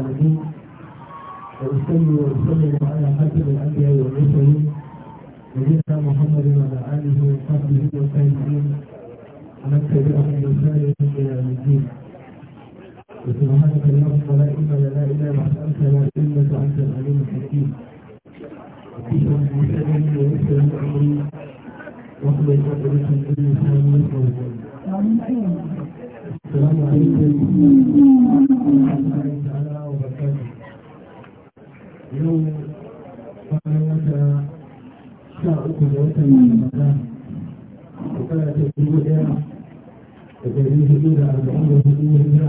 العالمين وأصلي وأسلم على خاتم الأنبياء والمرسلين نبينا محمد وعلى آله وصحبه وسلم ومن تبعهم بإحسان إلى يوم الدين وسبحانك اللهم لا علم لنا إلا أنت لا إنك أنت العليم الحكيم وكشف بلساني ويسر أمري واقضي قدرك باللسان الله السلام عليكم ورحمة الله تعالى yau bayan wata uku da watan mata shekara ta daya da da arba'in da hudu hijira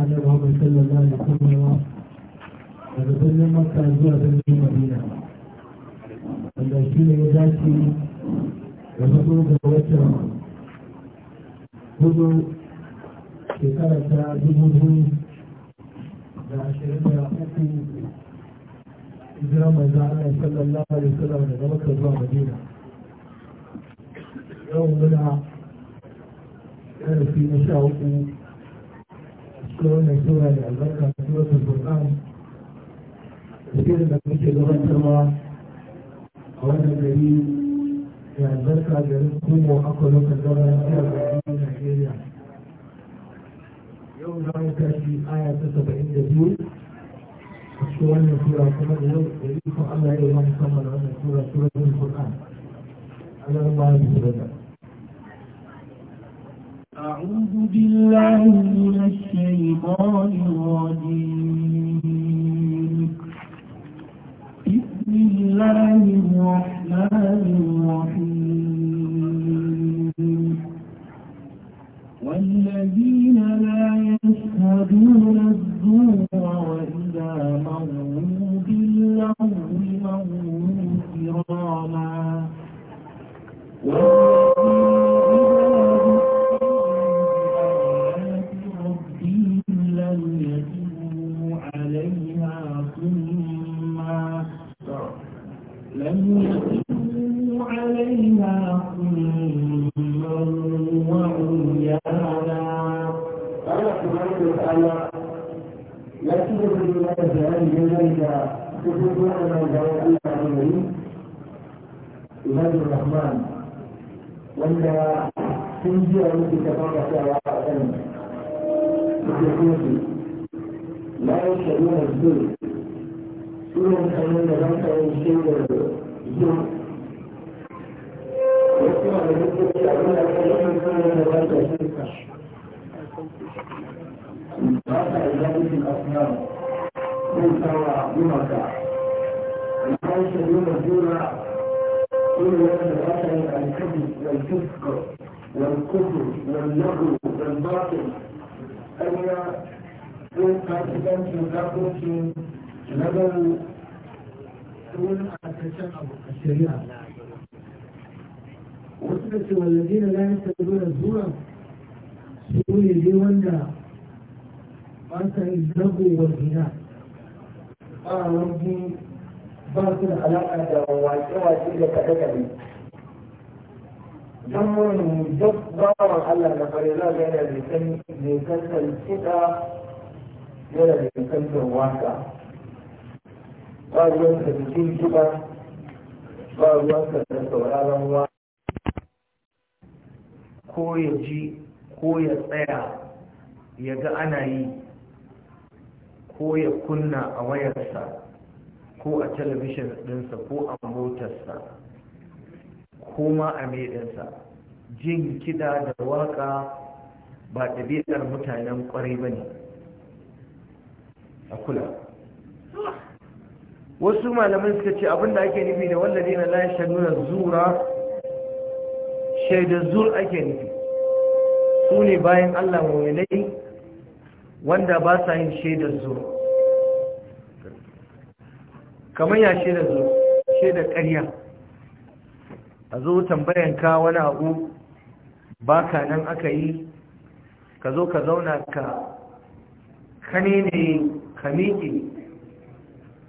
na Muhammad sallallahu alaihi wasallam daga birnin Makka zuwa birnin da da dubu biyu da ashirin da hijira mai za sallan sallallahu sallan da daga ka zuwa Madina yau muna ƙarfi na sha uku cikin wannan sura da albarka suratul Qur'an burkan da muke gabatarwa a wannan gari da albarka garin Kumo Akwa Lokacin Gwamnati a Najeriya. Yau za mu tashi aya ta saba'in da biyu shi wannan sura kuma da yau da yi kuma Allah ya yi wani kammala wannan sura sura da Qur'an Allah ma ya yi da أعوذ بالله من الشيطان الرجيم بسم الله الرحمن الرحيم والذين لا يشهدون الزور وإذا مروا باللغو مروا كراما ko ya kunna a wayarsa ko a talabishin ɗinsa ko a motarsa ko ma a medinsa jin kiɗa da waƙa ba ɗabi'ar mutanen ƙwarai ba ne a kula wasu malamin suka ce abinda ake nufi da wallazi na lashe nuna zura shaidar zur ake nufi su ne bayan Allah mu'minai wanda ba sa yin shaidar zura kamar ya da zo da ƙarya a zo tambayan ka wani abu Ba ka nan aka yi ka zo ka zauna ka kane ne ka miƙe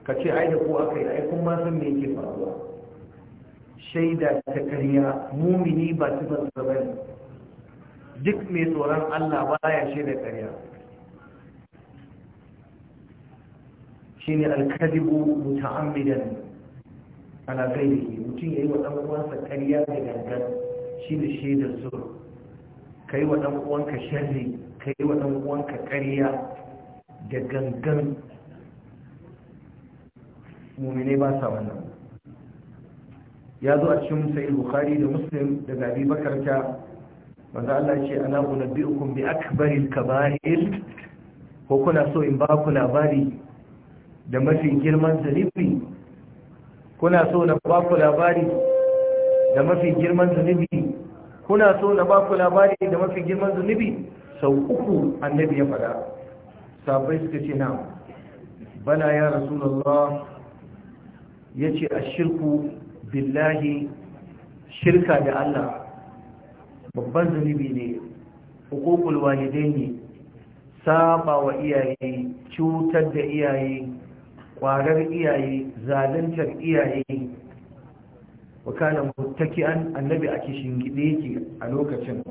ka ce ai da ko aka yi kun ba me yake faruwa shaida ta ƙarya mumini ba su ba duk mai tsoron Allah ba ya shaida ƙarya shine alkadibu muta'ammidan ala ghairihi mutum yayi wa dan uwansa ƙarya da gangan shine shaidar zur kai wa dan uwanka sharri kai wa dan uwanka ƙarya da gangan mumine ba sa wannan ya zo a cikin sahih bukhari da muslim da abi bakarta wanda Allah ce ana unabbi'ukum bi akbaril kaba'ir ko kuna so in ba ku labari da mafi girman zunubi kuna so na ba ku labari da mafi girman zunubi kuna so na ba ku labari da mafi girman zunubi sau uku annabi ya faɗa sabai suka ce na bana ya zuwa, ya ce a shirku billahi shirka da Allah babban zunubi ne hukukul walidai ne saba wa iyaye cutar da iyaye kwarar iyaye zaluntar iyaye mutaki an annabi a kishin yake a lokacin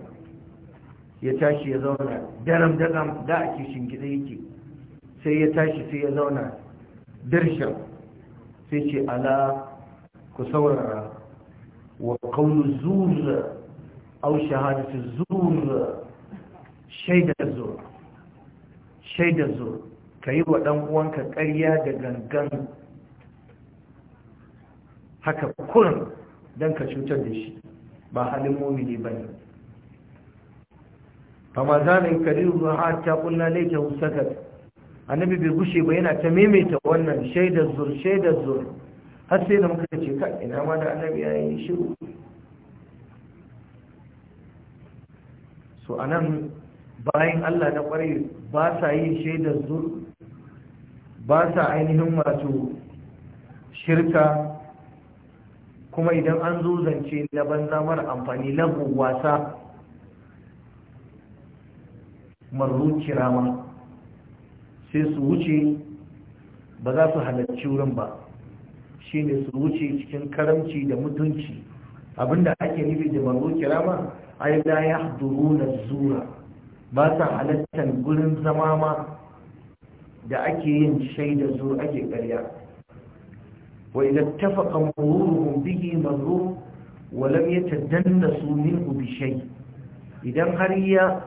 ya tashi ya zauna daram daram da a kishin yake sai ya tashi sai ya zauna darshan sai ce ala ku saurara wa kaunu zuwa au shahadatu zuwa shaidar zuwa shaidar zuwa ka yi wa ɗan uwanka ƙarya da gangan haka kurin don ka cutar da shi ba halin momini ba ne fama za na yi kariru ta hatta laifin husakar annabi bai gushe ba yana ta maimaita wannan shaidar zur shaidar zur har sai da muka ce ka ina ma da annabi ya yi shiru so anan bayan allah na kwarai ba sa yin shaidar zur ba sa ainihin masu shirka kuma idan an zo zance na banza mara amfani na wasa marru kirama sai su wuce ba za su halarci wurin ba shi ne su wuce cikin karamci da mutunci abinda ake nufi da marru kirama ai la ya zura ba sa halartar gurin zama ma da ake yin shaida zuwa ake ƙarya wa idan tafaqa muruhum bihi mazrur wa lam yatadannasu minhu bi shay idan har ya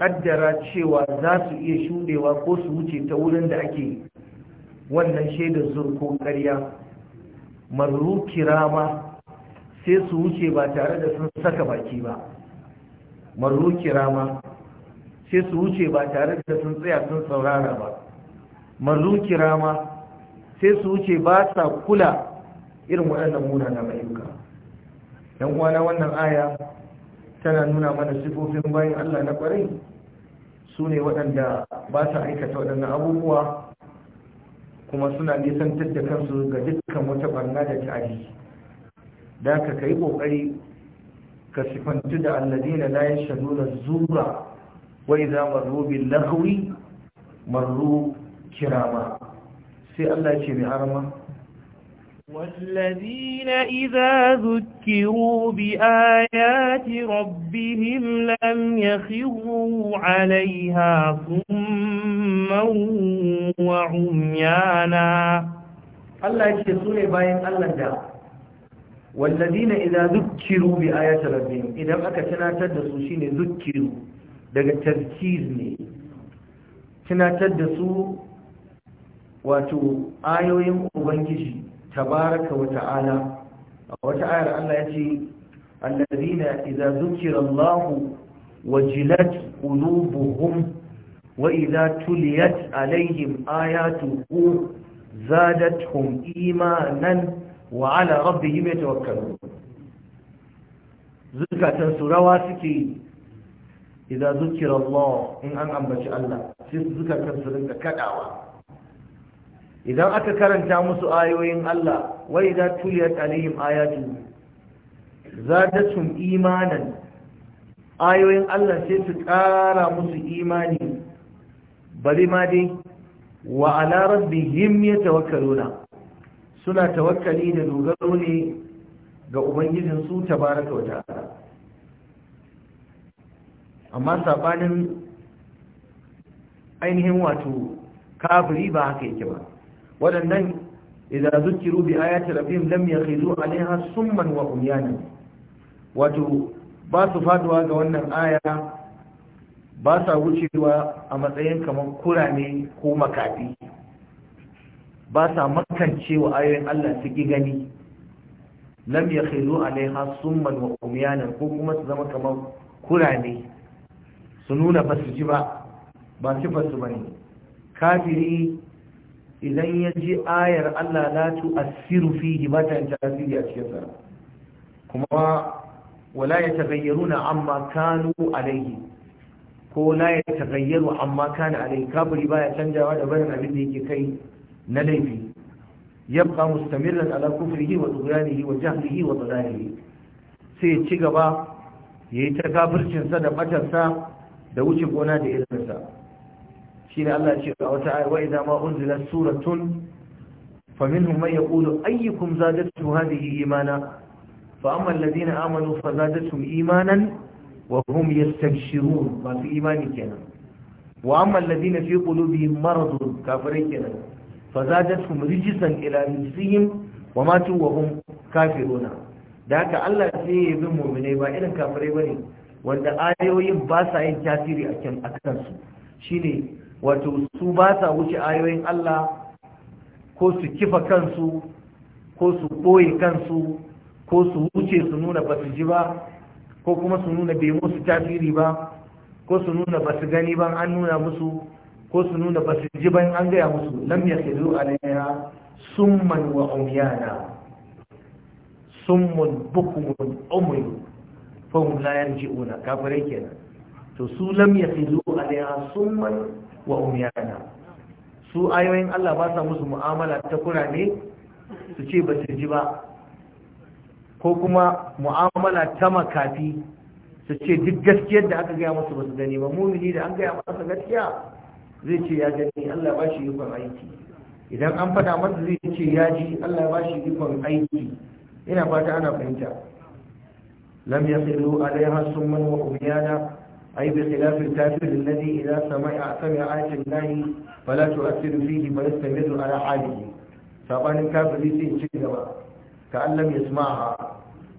addara cewa za su iya shudewa ko su wuce ta wurin da ake wannan shaida zuwa ko ƙarya marru kirama sai su wuce ba tare da sun saka baki ba marru kirama sai su wuce ba tare da sun tsaya sun saurara ba marru kirama sai su wuce ba sa kula irin waɗannan munanan ayyuka dan kwana wannan aya tana nuna mana sifofin bayan Allah na kwarai su ne waɗanda ba sa aikata waɗannan abubuwa kuma suna nisan da kansu ga dukkan wata barna da ta'adi da ka yi ƙoƙari, ka sifantu da allazina la yashhaduna zura wa idza marru bil lahwi marru kirama sai Allah ya ce mai harama والذين إذا ذكروا بآيات ربهم لم يخروا عليها صما وعميانا الله يشتسون باين الله دا والذين إذا ذكروا بآيات ربهم إذا أكتنا تدسوا شين ذكروا daga tarkiz ne tunatar da su wato ayoyin ubangiji tabaraka wa ta'ala a wata ayar Allah ya ce allazina idza zukira Allah wajilat qulubuhum wa idza tuliyat alaihim ayatuhu zadatuhum imanan wa ala rabbihim yatawakkalun zukatan su rawa suke idan zukira Allah in an ambaci Allah sai su zuka kansu rinka kadawa idan aka karanta musu ayoyin Allah wai idan tuliyat alaihim ayatu zadatum imanan ayoyin Allah sai su kara musu imani bari ma dai wa ala rabbihim yatawakkaluna suna tawakkali da dogaro ne ga ubangijin su tabaraka wata amma sabanin ainihin wato kafiri ba haka yake ba waɗannan idan zukiru bi ayati rabbihim lam yakhidu alaiha summan wa umyana wato ba su faduwa ga wannan aya ba sa wucewa a matsayin kamar kurame ko makafi ba sa makancewa ayoyin Allah su ki gani lam yakhidu alaiha summan wa umyana ko kuma su zama kamar kurame su nuna ba su ji ba ba sifarsu ba ne kafiri idan ya ji ayar Allah la tu asiru fihi matan tasiri a cikin sa kuma wala ya tagayyaruna amma kanu alaihi ko la ya tagayyaru amma a alaihi kafiri baya canjawa da barin abin da yake kai na laifi yabqa mustamirran ala kufrihi wa tughyanihi wa jahlihi wa dalalihi sai ya ci gaba yayi ta kafircin sa da matarsa da wuce gona da irinsa shi ne Allah ce a wata ayi wa idan ma unzila suratun fa minhum man yaqulu ayyukum zadatu hadhihi imana fa amma alladhina amanu fa zadatuhum imanan wa hum yastabshirun ba su imani kenan wa amma alladhina fi qulubihim maradun kafirai kenan fa zadatuhum rijsan ila rijsihim wa matu wa hum kafiruna da haka Allah sai ya yi bin mu'minai ba irin kafirai bane wanda ayoyin ba sa yin tasiri a kan su shine wato su ba sa wuce ayoyin Allah ko su kifa kansu ko su ɓoye kansu ko su wuce su nuna ba su ji ba ko kuma su nuna bai musu tasiri ba ko su nuna ba su gani ban an nuna musu ko su nuna ba su ji ban an gaya musu lam ya sadu alaiha summan wa umyana summun bukmun umyun fahim la yarji'una kafirai kenan to su lam yakhizu alaiha summan wa umyana su ayoyin Allah ba sa musu mu'amala ta kura ne su ce ba su ji ba ko kuma mu'amala ta makafi su ce duk gaskiyar da aka gaya masu ba su gani ba mumini da an gaya masa gaskiya zai ce ya gani Allah ba shi ikon aiki idan an faɗa masa zai ce ya ji Allah ba shi ikon aiki ina fata ana fahimta لم يصلوا عليها سما وعميانا أي بخلاف الكافر الذي إذا سمع سمع آية الله فلا تؤثر فيه فيستمر على حاله سابان الكافر يسير شيئا كأن لم يسمعها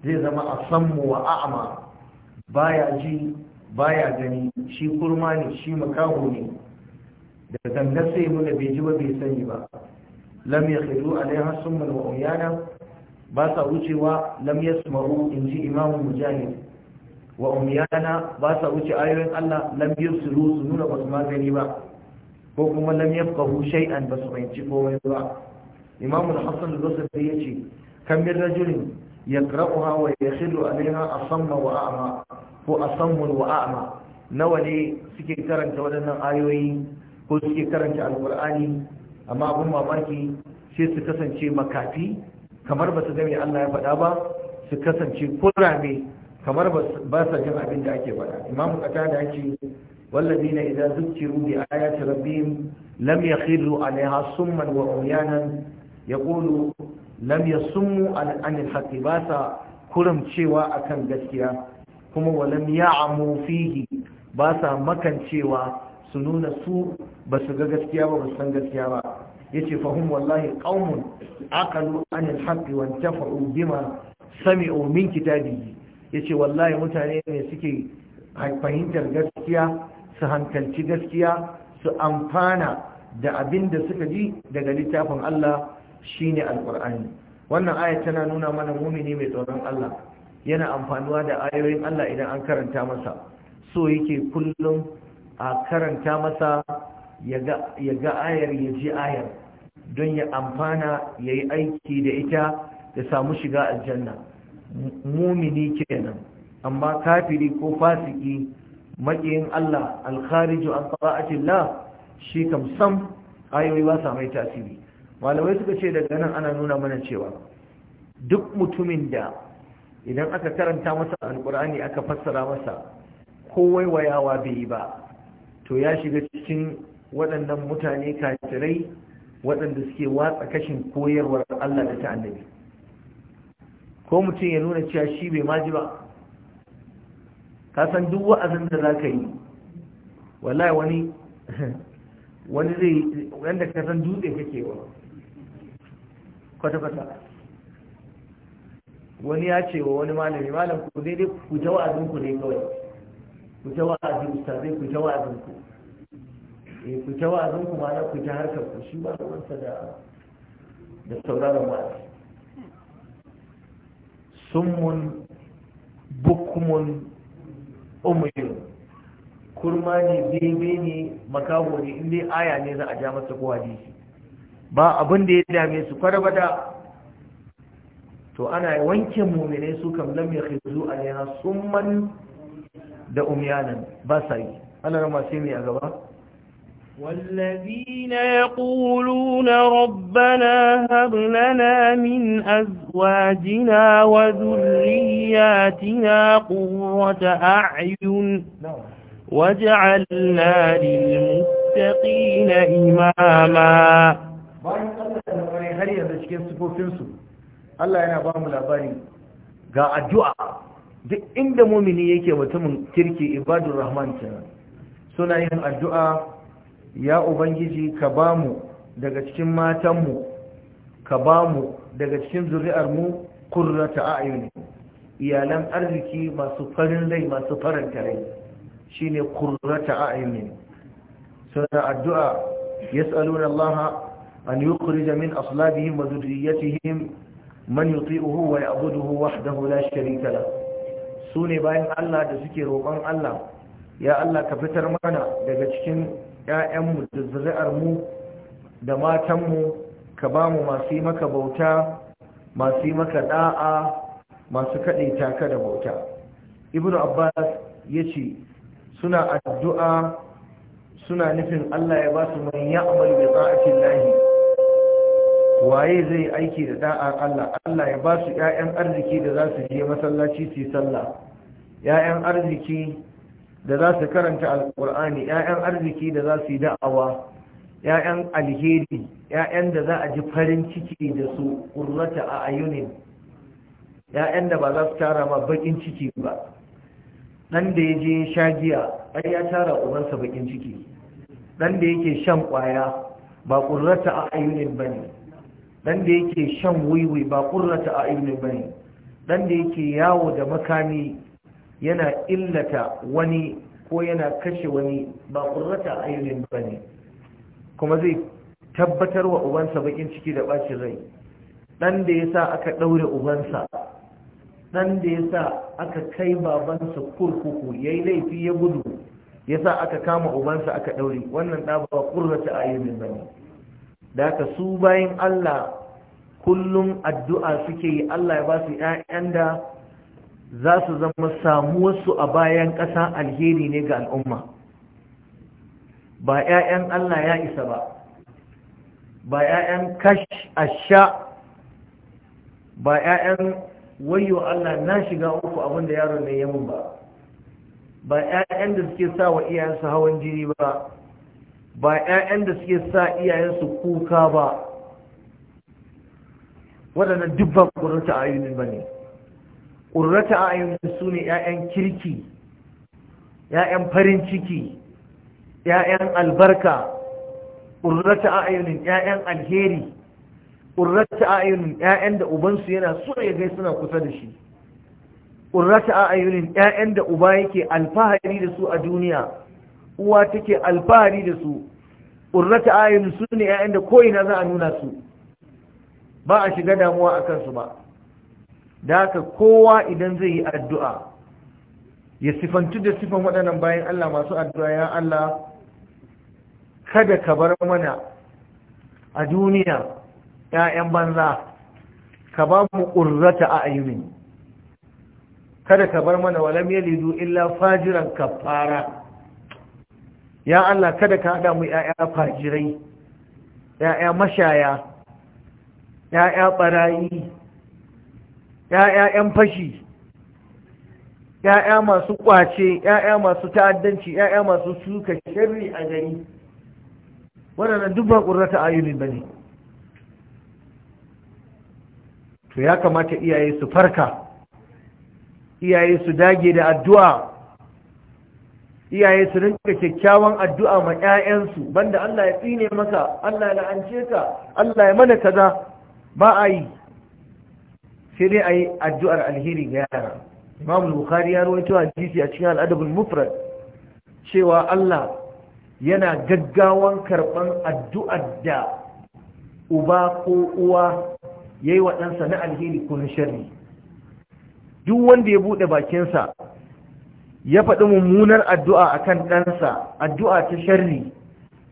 zai zama a sammu wa a'ama baya ji baya gani shi kurma ne shi makaho ne da gangar sai muna bai ji ba bai ba lam ya ba sa wucewa lam yasma'u in ji imamu mujahid wa umyana ba sa wuce ayoyin Allah lam yusulu su nuna ba su magani ba ko kuma lam yafqahu shay'an ba su fahimci komai ba imamu al-hasan al-basri yace kam min rajulin yaqra'uha wa yakhilu 'alayha asamma wa a'ma ko asammun wa a'ma nawa ne suke karanta waɗannan ayoyi ko suke karanta alqur'ani amma abun mamaki sai su kasance makafi kamar ba su gami Allah ya faɗa ba su kasance kurame kamar ba su abinda abin da ake faɗa imam kata da ce wallazi na idan zukciru bi ayati rabbihim lam yakhiru alaiha summan wa umyanan yaqulu lam yasummu al an al ba sa kurum cewa akan gaskiya kuma wa a ya'mu fihi ba sa makan su nuna su ba su ga gaskiya ba ba su san gaskiya ba yace ce, fahim wallahi qaumun aqalu an al-haqqi wa intafa'u sami sami'u min Ya yace wallahi mutane ne suke fahimtar gaskiya su hankalci gaskiya su amfana da abin da suka ji daga littafin Allah shine Alƙur'ani. wannan aya tana nuna mana mumini mai tsoron Allah yana amfanuwa da ayoyin Allah idan an karanta masa so yake kullum a karanta masa ya ga ayar ya ji ayar don ya amfana ya yi aiki da ita ya samu shiga aljanna mumini kenan amma kafiri ko fasiki makiyin Allah alkhariju an ta'atillah shi kam sam ayoyi ba sa mai tasiri malamai suka ce daga nan ana nuna mana cewa duk mutumin da idan aka karanta masa alkur'ani aka fassara masa ko waiwayawa bai yi ba to ya shiga cikin waɗannan mutane kafirai waɗanda suke watsa kashin koyarwar Allah da ta annabi ko mutum ya nuna cewa shi bai maji ba ka san duk wa'azin da za ka yi wallahi wani wani zai wanda ka san dutse kake wa kwata-kwata wani ya ce wa wani malami malam ku daidai ku ta wa'azin ku ne kawai ku ta wa'azin ustazai ku ta wa'azin ku eh ku ta wa'azin ku ma ku ta harkar ku shi ba sa da da sauraron wa'azi summun bukumun umuyun kurma ne bebe ne makaho ne in dai aya ne za a ja masa ko hadisi ba abin da ya dame su bada. to ana wanke mumine su kam lam khizu alaiha summan da umyanan ba sai ana rama sai ne a gaba والذين يقولون ربنا هب لنا من أزواجنا وذرياتنا قرة أعين واجعلنا للمتقين إماما har yanzu cikin Allah yana ba mu labari ga addu'a duk inda mumini yake mutumin kirki ibadur rahman kenan suna yin addu'a ya ubangiji ka ba mu daga cikin matanmu ka ba mu daga cikin zuri'armu kurrata a'yuni iyalan arziki masu farin rai masu faranta rai shine kurrata a'yuni suna addu'a yas'aluna Allah an yukhrija min aslabihim wa dhurriyyatihim man yuti'uhu wa ya'buduhu wahdahu la sharika lahu sune bayan Allah da suke roƙon Allah ya Allah ka fitar mana daga cikin 'ya'yanmu da zuri'armu da matanmu ka ba mu masu yi maka bauta masu yi maka da'a masu kaɗe taka da bauta ibn abbas ya ce suna addu'a suna nufin allah ya ba su mai ya amal da lahi waye zai yi aiki da da’a allah allah ya ba su 'ya'yan arziki da za su je masallaci su yi sallah 'ya'yan arziki da za su karanta alkur'ani 'ya'yan arziki da za su yi da'awa 'ya'yan alheri 'ya'yan da za a ji farin ciki da su ƙurrata a ayunin 'ya'yan da ba za su tara ma bakin ciki ba ɗan da ya je sha giya ai ya tara ubansa bakin ciki ɗan da yake shan ƙwaya ba ƙurrata a ayunin ba ne ɗan da yake shan wiwi ba ƙurrata a ayunin ba ne ɗan da yake yawo da makami yana illata wani ko yana kashe wani ba ƙurrata ayyulin ba ne kuma zai tabbatar wa ubansa bakin ciki da ɓacin rai ɗan da ya sa aka ɗaure ubansa ɗan da ya aka kai babansa kurkuku ya yi laifi ya gudu ya sa aka kama ubansa aka ɗaure wannan ɗa ba ƙurrata ayyulin ba ne da aka su bayan allah kullum addu'a suke yi allah ya ba su ‘ya'yan da za su zama samuwarsu a bayan ƙasa alheri ne ga al'umma ba 'ya'yan Allah ya isa ba ba 'ya'yan kash asha ba 'ya'yan wayo Allah na shiga uku abinda yaron ne yamin ba ba 'ya'yan da suke sa wa iyayensu hawan jini ba ba 'ya'yan da suke sa iyayensu kuka ba waɗannan dubban ƙurinta a ayyunin ba ne ƙurrata a ayyukan su ne 'ya'yan kirki 'ya'yan farin ciki 'ya'yan albarka ƙurrata a ayyunin 'ya'yan alheri ƙurrata a ayyunin 'ya'yan da ubansu yana so ya gai suna kusa da shi ƙurrata a ayyunin 'ya'yan da uba yake alfahari da su a duniya uwa take alfahari da su ƙurrata a ayyunin su ne 'ya'yan da ko'ina za a nuna su ba a shiga damuwa a kansu ba da haka kowa idan zai yi addu'a ya sifantu da sifan waɗannan bayan Allah masu addu'a ya Allah kada ka bar mana a duniya ‘ya'yan banza ka ba mu ƙurrata a ayyumin kada ka bar mana walam lido illa fajiran kafara ya Allah kada ka haɗa mu ‘ya'ya fajirai ‘ya'ya mashaya ‘ya'ya ɓarayi Ya'ya'yan fashi ya'ya masu kwace ya'ya masu ta'addanci ya'ya masu suka shirri a gari waɗannan duk ba ƙurrata ayyuli ba ne to ya kamata iyaye su farka iyaye su dage da addu'a iyaye su rinka kyakkyawan addu'a ma 'ya'yansu banda Allah ya tsine maka Allah ya la'ance ka Allah ya mana kaza ba a yi sai dai a yi addu'ar alheri ga yara imam bukhari ya rawaito hadisi a cikin al’adabin mufrad cewa Allah yana gaggawan karɓan addu'ar da uba ko uwa ya yi waɗansa na alheri ko na sharri duk wanda ya buɗe bakinsa ya faɗi mummunar addu'a a kan ɗansa addu'a ta sharri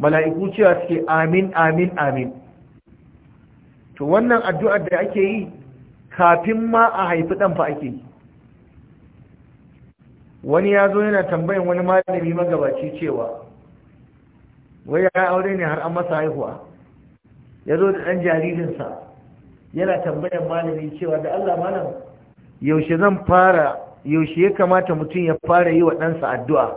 mala'iku cewa suke amin amin amin to wannan addu'ar da ake yi kafin ma a haifi ɗan fa ake wani ya zo yana tambayin wani malami magabaci cewa wai ya aure ne har an masa haihuwa ya zo da ɗan jaririnsa yana tambayan malami cewa da Allah malam yaushe zan fara yaushe ya kamata mutum ya fara yi wa ɗansa addu'a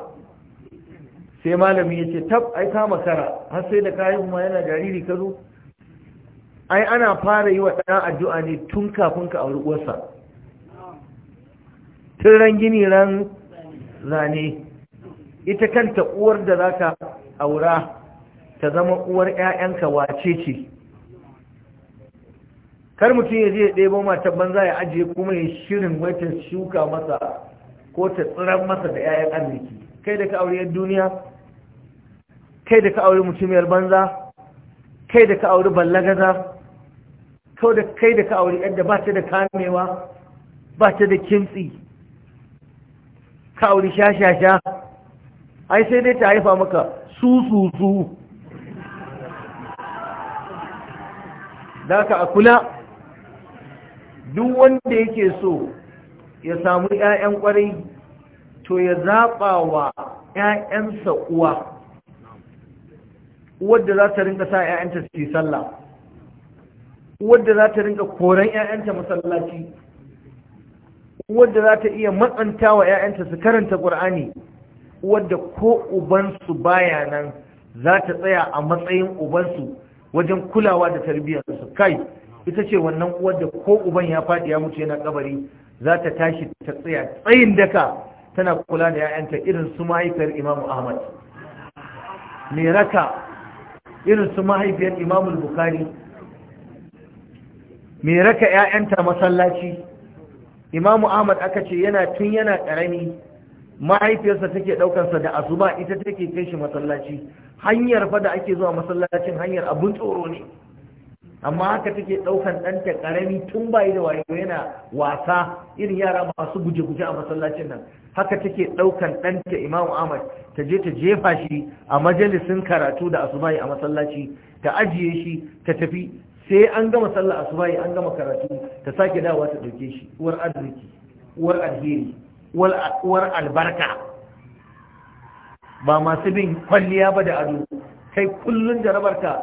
sai malami ya ce tab ai ka makara har sai da kayan ma yana jariri ka zo ai ana fara yi wa ɗan addu'a ne tun kafin ka auri uwarsa tun ran gini ran zane ita kanta uwar da za ka aura ta zama uwar 'ya'yanka wace ce kar mutum ya je ɗaya ɗebo mata banza ya ajiye kuma ya shirin wata shuka masa ko ta tsiran masa da 'ya'yan arziki kai da ka aure duniya kai da ka aure mutumiyar banza kai da ka auri ballagaza kawai da kai da ka auri yadda ba ta da kamewa ba ta da kintsi ka auri sha-sha-sha ai sai dai ta haifa maka su-su-su Za ka a kula duk wanda yake so ya samu 'ya'yan kwarai to ya zaɓa wa 'ya'yansa uwa uwar da za ta rinka sa 'ya'yanta su yi sallah wadda za ta rinka koren 'ya'yanta masallaci wadda za ta iya matsanta wa 'ya'yanta su karanta ƙur'ani wadda ko ubansu baya nan za ta tsaya a matsayin ubansu wajen kulawa da tarbiyyarsu kai ita ce wannan wadda ko uban ya faɗi ya mutu yana kabari za ta tashi ta tsaya tsayin daka tana kula da 'ya'yanta irin su mahaifiyar imamu ahmad mai raka irin su mahaifiyar imamu bukari Me raka ƴaƴanta masallaci imamu ahmad aka ce yana tun yana ƙarami mahaifiyarsa take ɗaukarsa da asuba ita take kai shi masallaci hanyar fa da ake zuwa masallacin hanyar abun tsoro ne amma haka take ɗaukar ɗanta ƙarami tun bayi da wayo yana wasa irin yara masu guje-guje a masallacin nan haka take ɗaukar ɗanta Imam ahmad ta je ta jefa shi a majalisin karatu da asubahi a masallaci ta ajiye shi ta tafi sai an gama sallah asubahi an gama karatu ta sake dawa ta dauke shi war arziki war alheri war albarka ba masu bin kwalliya ba da ado kai kullun jarabarka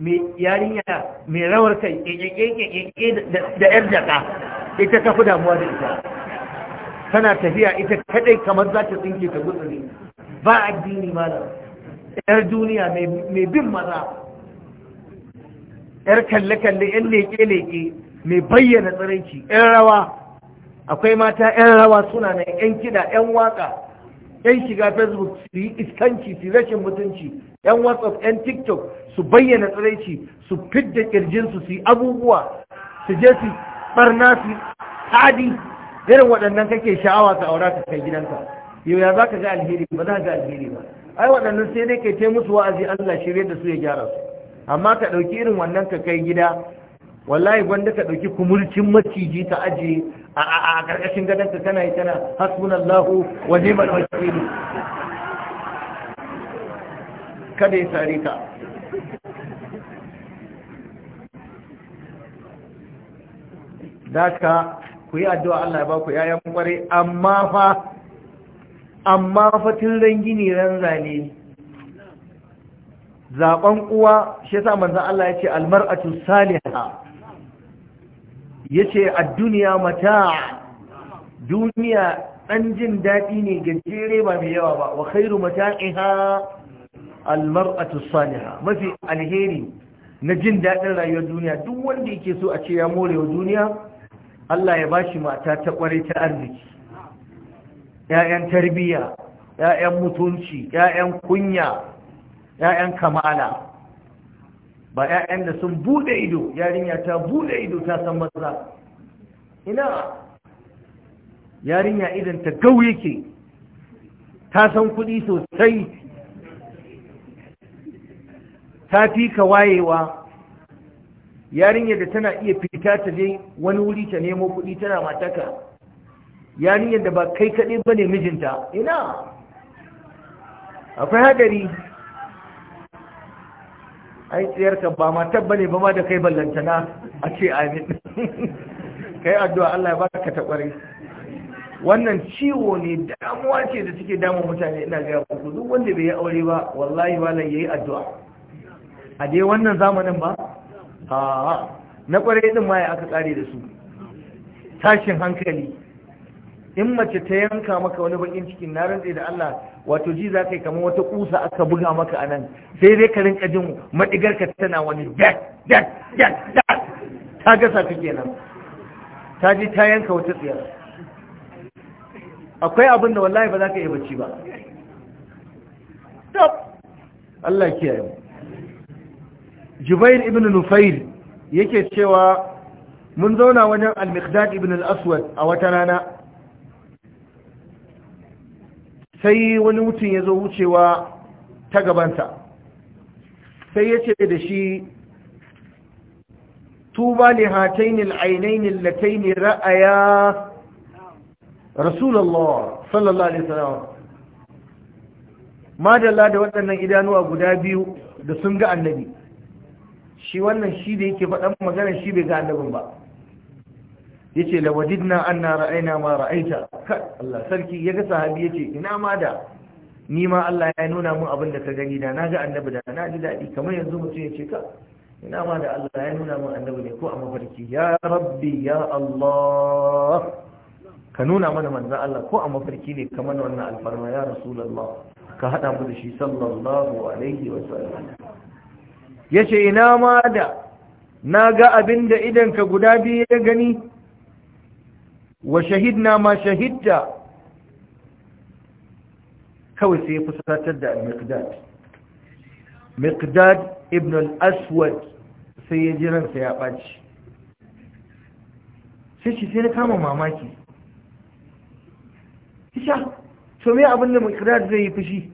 mai yarinya mai rawar kai kekekeke da yar jaka ita ta fi damuwa da ita tana tafiya ita kadai kamar za ta tsinke ta gutsuri ba addini malam yar duniya mai bin maza 'yar kalle-kalle 'yan leke-leke mai bayyana tsiranci 'yan rawa akwai mata 'yan rawa suna na 'yan kiɗa 'yan waka 'yan shiga facebook su yi iskanci su rashin mutunci 'yan whatsapp 'yan tiktok su bayyana tsiranci su fidda ƙirjinsu su yi abubuwa su je su barna su tsadi irin waɗannan kake sha'awa ka aura ka kai gidanka yau ya za ka ga alheri ba za ka ga alheri ba ai waɗannan sai dai kai ta musu wa'azi Allah shirye da su ya gyara su amma ka ɗauki irin wannan ka kai gida wallahi gwanda ka ɗauki kumurcin maciji ta aji a ƙarƙashin gadon ka tana yi kana hasbunallahu wa ni'mal kada ya sare ka daka ku yi addu'a Allah ya ba ku yayan ƙware amma fa amma fa tun rangini ran zaɓen uwa shi sa manzan Allah ya ce almar'atu saliha ya ce a duniya mata duniya ɗan jin daɗi ne gajere ba mai yawa ba wa khairu mata'iha almar'atu saliha mafi alheri na jin daɗin rayuwar duniya duk wanda yake so a ce ya more wa duniya Allah ya bashi mata ta ƙware ta arziki ‘ya'yan tarbiyya ‘ya'yan mutunci ‘ya'yan kunya 'ya'yan kamala ba 'ya'yan da sun bude ido yarinya ta bude ido ta san maza ina yarinya idan ta gau yake ta san kuɗi sosai ta fi ka wayewa yarinya da tana iya fita ta je wani wuri ta nemo kuɗi tana mataka yarinya da ba kai kaɗai ba ne mijinta ina akwai hadari ai tsiyarka ba ma tabba ba ma da kai ballantana a ce amin kai addu'a Allah ya baka ta kware wannan ciwo ne damuwa ce da take damun mutane ina ga ku duk wanda bai yi aure ba wallahi ba lai yayi addu'a a dai wannan zamanin ba a na kware din ma ya aka kare da su tashin hankali in mace ta yanka maka wani bakin cikin na rantse da Allah wato ji za ka yi kamar wata kusa aka buga maka anan sai dai ka rinka jin madigar ka tana wani dak dak dak dak ta gasa ta kenan ta ji ta yanka wata tsiyar akwai abin da wallahi ba za ka iya bacci ba Allah kiyaye mu Jubair ibn Nufail yake cewa mun zauna wajen Al-Miqdad ibn Al-Aswad a wata rana sai wani mutum ya zo wucewa ta gabanta sai ya ce da shi tuba li hatainil ainainil lataini ra'aya Rasulallah, sallallahu alaihi wasallam madalla da waɗannan idanuwa guda biyu da sun ga annabi shi wannan shi da yake faɗan magana shi bai ga annabin ba yace la wajidna anna ra'ayna ma ra'aita Allah sarki ya yaga sahabi yace ina ma da ni ma Allah ya nuna mun abin da ka gani da ga annabi da na ji daɗi kamar yanzu mutum ya ce ka ina ma da Allah ya nuna mun annabi ne ko a mafarki ya rabbi ya Allah ka nuna mana manzan Allah ko a mafarki ne kamar wannan alfarma ya rasulullah ka hada mu da shi sallallahu alaihi wa sallam yace ina ma da na ga abin da idan ka guda biyu ya gani wa shahidna ma shahidta kawai sai ya fusatar da al-miqdad miqdad ibn al-aswad sai ya ji ransa ya baci sai shi sai na kama mamaki isha to me abin da miqdad zai yi fushi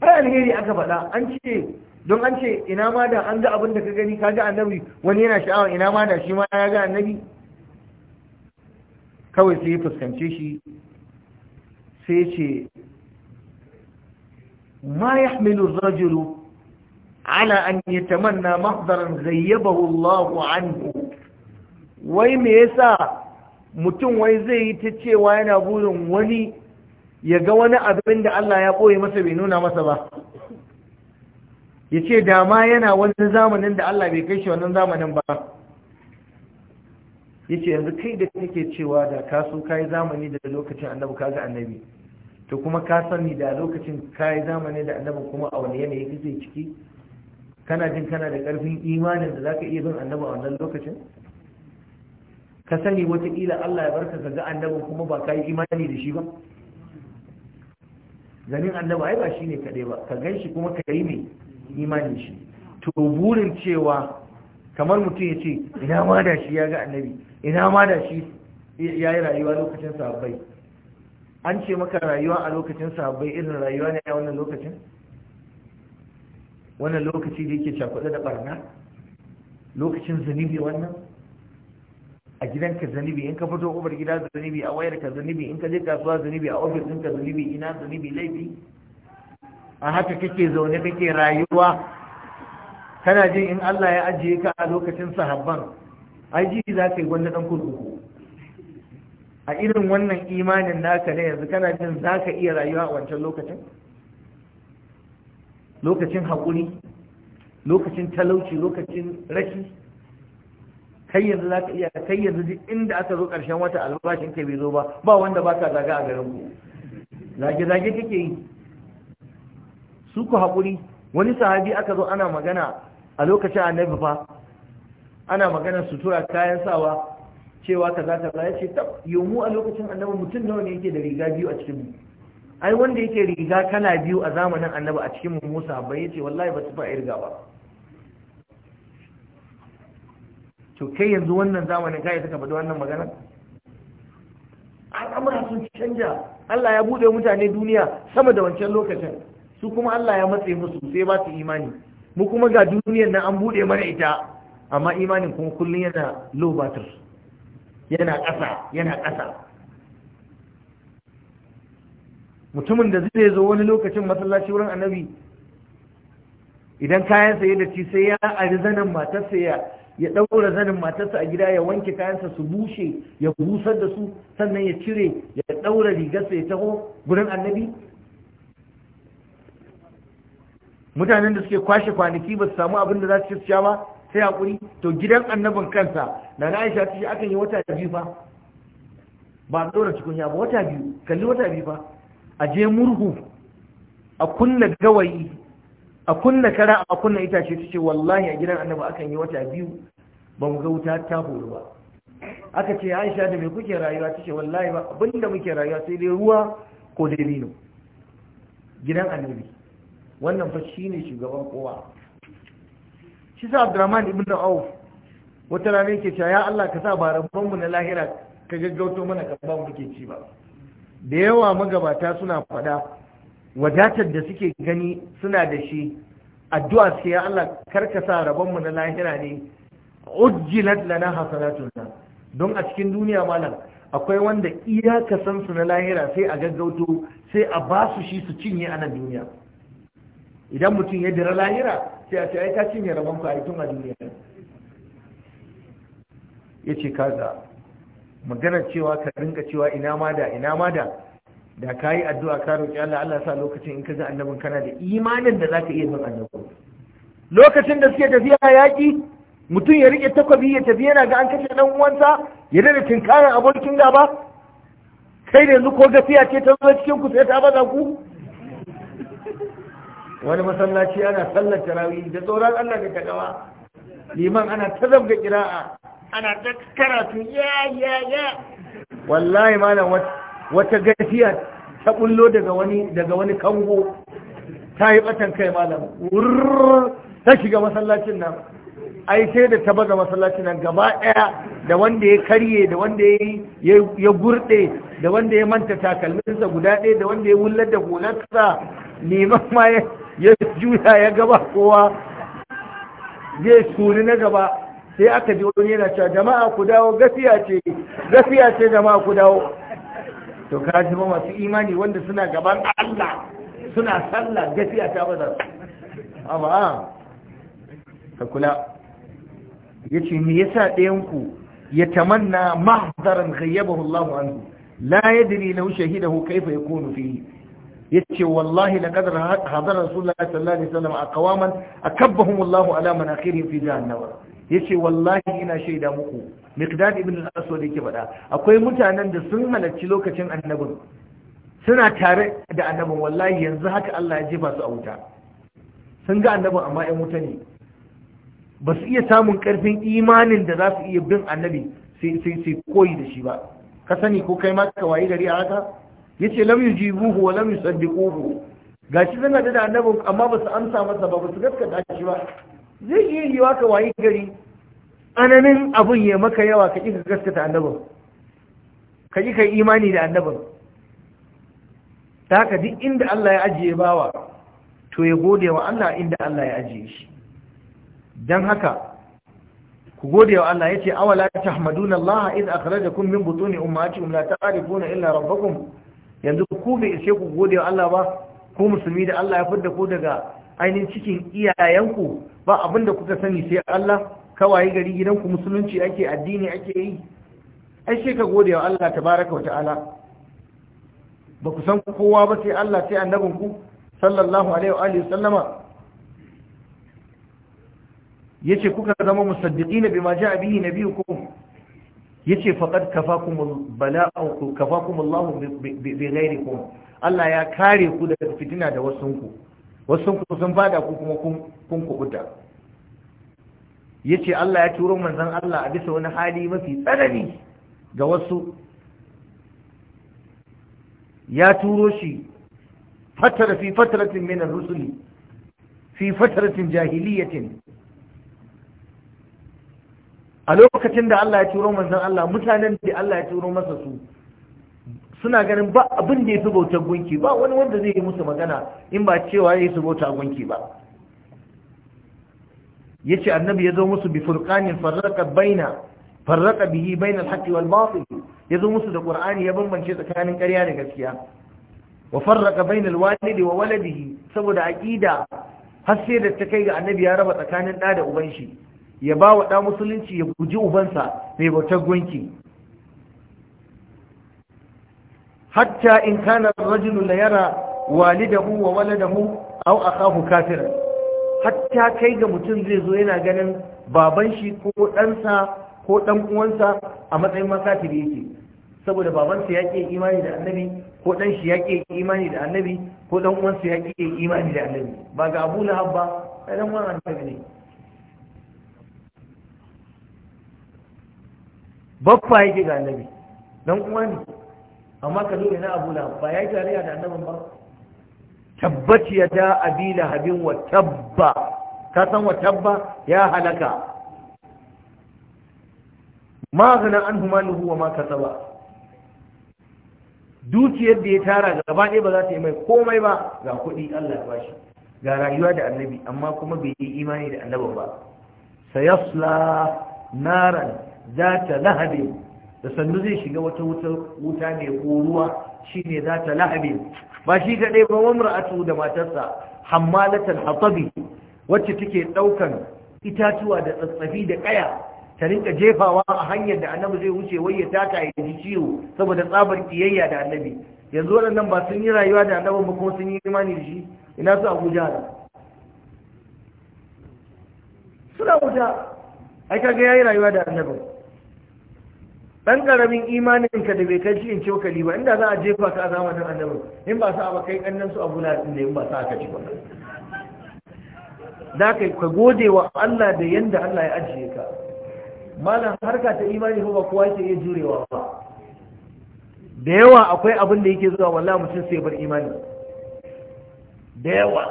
har alheri aka faɗa an ce don an ce ina ma da an ga abin da ka gani ka ga annabi wani yana sha'awa ina ma da shi ma ya ga annabi kawai sai ya fuskance shi sai ce ma hamilu rajulu ala an tamanna mahdaran zayyabahu Allahu anhu wai me yasa mutum wai zai yi ta cewa yana burin wani ya ga wani abin da Allah ya ɓoye masa bai nuna masa ba ya ce dama yana wani zamanin da Allah bai kai shi wannan zamanin ba yace yanzu kai da kake cewa da ka so kai zamani da lokacin annabi kaga annabi to kuma ka sani da lokacin kai zamani da annabi kuma a wani yanayi kake ciki kana jin kana da karfin imanin da zaka iya bin annabi a wannan lokacin ka sani wataƙila Allah ya barka ka ga annabi kuma ba ka yi imani da shi ba ganin annabi ai ba shi ne kaɗai ba ka gan shi kuma ka yi mai imani shi to burin cewa kamar mutum ya ce ina ma da shi ya ga annabi ina ma da shi ya yi rayuwa lokacin sahabbai an ce maka rayuwa a lokacin sahabbai irin rayuwa ne a wannan lokacin wannan lokaci da yake cakuɗe da barna lokacin zanibi wannan a gidanka zanibi in ka fito ubar gida zanibi a wayar ka zanibi, in ka je kasuwa zanibi a ofis ɗinka zanibi, ina zanibi laifi a haka kake zaune kake rayuwa kana jin in Allah ya ajiye ka a lokacin sahabban ai za ka yi gwanda ɗan kurkuku a irin wannan imanin naka ne yanzu kana jin za ka iya rayuwa a wancan lokacin lokacin haƙuri lokacin talauci lokacin rashi kai yanzu za ka iya kai yanzu duk inda aka zo ƙarshen wata albashin ka bai zo ba ba wanda ba ka zaga a garin ku zage-zage kake yi su ku haƙuri wani sahabi aka zo ana magana a lokacin annabi fa ana maganar sutura kayan sawa cewa kaza za ya ce tab yomu a lokacin annabi mutum nawa ne yake da riga biyu a cikin mu ai wanda yake riga kana biyu a zamanin annabi a cikin mu Musa bai yace wallahi ba su fa riga ba to kai yanzu wannan zamanin kai suka faɗi wannan magana al'amura sun canja Allah ya bude mutane duniya sama da wancan lokacin su kuma Allah ya matse musu sai ba su imani mu kuma ga duniyar nan an bude mana ita amma imanin kuma kullum yana low yana ƙasa yana ƙasa mutumin da zai zo wani lokacin masallaci wurin annabi idan kayan saye da ci sai ya ari zanin matarsa ya ya ɗaura zanin matarsa a gida ya wanke kayansa su bushe ya busar da su sannan ya cire ya daura rigarsa ya taho gurin annabi mutanen da suke kwashe kwanaki ba su samu abin da za su ci ba sai hakuri to gidan annabin kansa na na aisha ta ce akan yi wata biyu fa ba a ɗora cikin ya ba wata biyu kalli wata biyu fa a je murhu a kunna gawayi a kunna kara a kunna itace ta ce wallahi a gidan annabi akan yi wata biyu ba mu ga wuta ta horu ba aka ce aisha da me kuke rayuwa ta ce wallahi ba abinda muke rayuwa sai dai ruwa ko dai lino gidan annabi wannan fa shine shugaban kowa shi sa abdurrahman ibn auf wata rana yake cewa ya Allah ka sa ba na lahira ka gaggauto mana ka ba muke ci ba da yawa magabata suna faɗa wadatar da suke gani suna da shi addu'a suke ya Allah karka sa rabonmu na lahira ne ujjilat lana hasanatuna don a cikin duniya malam akwai wanda iya ka san su na lahira sai a gaggauto sai a basu shi su cinye a nan duniya idan mutum ya dira lahira sai a ce ai cinye rabon ku a tun a duniya ya ce kaza maganar cewa ka rinka cewa ina ma da ina ma da da ka yi addu'a ka roƙi Allah Allah sa lokacin in ka ga annabin kana da imanin da zaka iya bin annabi lokacin da suke tafiya yaƙi mutum ya rike takwabi ya tafi yana ga an kashe dan uwansa ya dade tinkarin abokin gaba kai da yanzu ko gafiya ce ta zo cikin ku sai ta baza ku wani masallaci ana sallar tarawih da tsoron Allah da takawa liman ana ta zabga kira'a ana ta karatu ya ya ya wallahi malam wata gafiya ta bullo daga wani daga wani kango ta yi batan kai malam ta shiga masallacin nan ai sai da ta baza masallacin nan gaba daya da wanda ya karye da wanda ya gurde da wanda ya manta takalminsa guda ɗaya da wanda ya wullar da hularsa neman ma ya juya ya gaba kowa zai suri na gaba sai aka ji wani yana cewa jama'a ku dawo gafiya ce gafiya ce jama'a ku dawo to ka ji masu imani wanda suna gaban Allah suna sallah gafiya ta bazar amma ah. ka kula yace me yasa ɗayan ku ya tamanna mahzaran ghayyabahu Allah anhu la yadri law shahidahu kayfa yakunu fihi yace wallahi laqad hadara rasulullahi sallallahu alaihi wasallam a akabbahum Allah ala manakhirihim fi Ya yace wallahi ina shaida muku miqdad ibn al-aswad yake faɗa akwai mutanen da sun halarci lokacin annabin suna tare da annabin wallahi yanzu haka Allah ya jefa su a wuta sun ga annabin amma ƴan wuta ne ba su iya samun ƙarfin imanin da za su iya bin annabi sai koyi da shi ba ka sani ko kai ma ka wayi gari a haka yace lam yujibuhu wa lam yusaddiquhu gashi shi hada da annabin amma ba su amsa masa ba ba su gaskata shi ba zai iya yiwa ka wayi gari ananin abun ya maka yawa ka ka gaskata annabin ka yi ka imani da annabin ta haka duk inda Allah ya ajiye bawa to ya gode wa Allah inda Allah ya ajiye shi don haka ku gode wa Allah ya ce awala tahmaduna Allah idh akhrajakum min butuni ummatikum la ta'rifuna illa rabbakum yanzu ku bai ishe ku gode wa Allah ba ko musulmi da Allah ya fidda ku daga ainihin cikin iyayenku ba abin da kuka sani sai Allah kawai gari ku musulunci ake addini ake yi ai sai ka gode wa Allah tabaraka wa ta'ala ba ku san kowa ba sai Allah sai ku? sallallahu alaihi wa alihi sallama yace kuka zama musaddiqina bima ja'a bihi nabiyukum yace faqad kafakum bala'u kafakum Allah bi ghairikum Allah ya kare ku daga fitina da wasunku wasunku sun fada ku kuma kun Ya yace Allah ya turo manzon Allah a bisa wani hali mafi tsanani ga wasu ya turo shi fatara fi fataratin min ar-rusuli fi fataratin jahiliyatin a lokacin da Allah ya turo manzon Allah mutanen da Allah ya turo masa su suna ganin ba abin da ya fi bautar gunki ba wani wanda zai yi musu magana in ba cewa ya yi su bauta gunki ba ya ce annabi ya zo musu bi furqanin farraka baina farraka bihi baina alhaqi wal batil ya zo musu da qur'ani ya bambance tsakanin ƙarya da gaskiya wa farraka baina alwalidi wa waladihi saboda aqida har sai da ta kai ga annabi ya raba tsakanin da da uban shi ya ba wa ɗan musulunci ya guji ubansa mai bautar gunki hatta in kana rajulu da yara walidahu wa waladahu aw akahu kafiran hatta kai ga mutum zai zo yana ganin baban shi ko ɗansa ko ɗan uwansa a matsayin makatiri yake saboda babansa ya ƙi imani da annabi ko ɗan shi ya ƙi imani da annabi ko ɗan uwansa ya ƙi imani da annabi ba ga abu lahab ba ɗan wani annabi ne baffa yake ga annabi dan uwa ne amma ka zo na abu la ba ya yi tarayya da annaban ba tabbaci ya da abila habin wa tabba ka san wa tabba ya halaka ma gana an lahu wa ma kasaba dukiyar da ya tara gaba ɗaya ba za ta yi mai komai ba ga kuɗi Allah ya bashi ga rayuwa da annabi amma kuma bai yi imani da annaban ba sayasla naran ta lahabe da sannu zai shiga wata wuta mai ruwa shine ta lahabe ba shi ɗaya ba wamra'atu da matarsa hammalatul hatsabi wacce take ɗaukan itatuwa da tsatsafi da ƙaya ta rinka jefawa a hanyar da annabi zai wuce wai ya taka ya ji ciwo saboda tsabar ƙiyayya da annabi yanzu waɗannan ba sun yi rayuwa da annabi ba kuma sun yi imani da shi ina su abuja da suna wuta ai kaga yayi rayuwa da annabi dan karamin imanin ka da bai kai cikin cokali ba inda za a jefa ka a zamanin annabi in ba sa ba kai kannan su abu ladin ne in ba sa ka ci ba da kai ka gode wa Allah da yanda Allah ya ajiye ka malam harka ta imani ko ba kowa ke iya jurewa ba da yawa akwai abin da yake zuwa wallahi mutum sai bar imani da yawa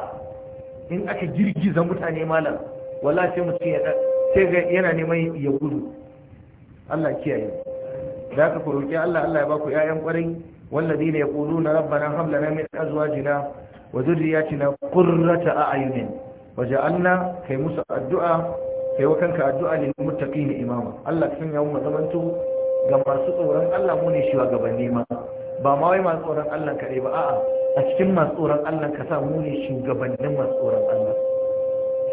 in aka girgiza mutane malam wallahi sai mutum ya ga yana neman ya gudu Allah kiyaye da ka ku roki Allah Allah ya ba ku ƴaƴan ƙwarai والذين يقولون ربنا هب لنا من ازواجنا وذرياتنا قرة اعين وجعلنا كي موسى الدعاء كي وكانك الدعاء Imama. Allah الله ya يوم zamantu. ga masu tsoron Allah mu ne shugabanni ma ba ma wai masu tsoron Allah kaɗai ba a'a a cikin masu tsoron Allah ka sa mu ne shugabannin masu tsoron Allah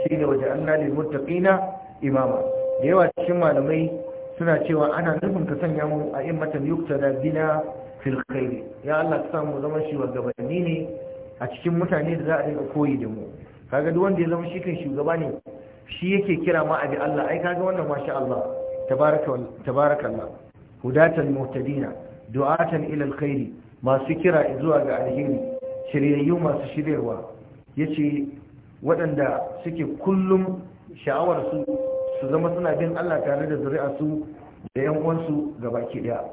shi ne waje an nalil muttaqina imama da yawa cikin malamai suna cewa ana nufin ka sanya mu a yukta da bina fil khairi ya Allah ka samu zaman shi gabanni ne a cikin mutane da za a dinga koyi da mu kaga duk wanda ya zama shi kan shugaba ne shi yake kira ma abi Allah ai kaga wannan masha Allah tabaraka tabarakallah hudatan muhtadina du'atan ila alkhairi masu kira zuwa ga alheri shiryayyu masu shiryarwa yace waɗanda suke kullum sha'awar su su zama suna bin Allah tare da zuri'a su da yan uwansu baki daya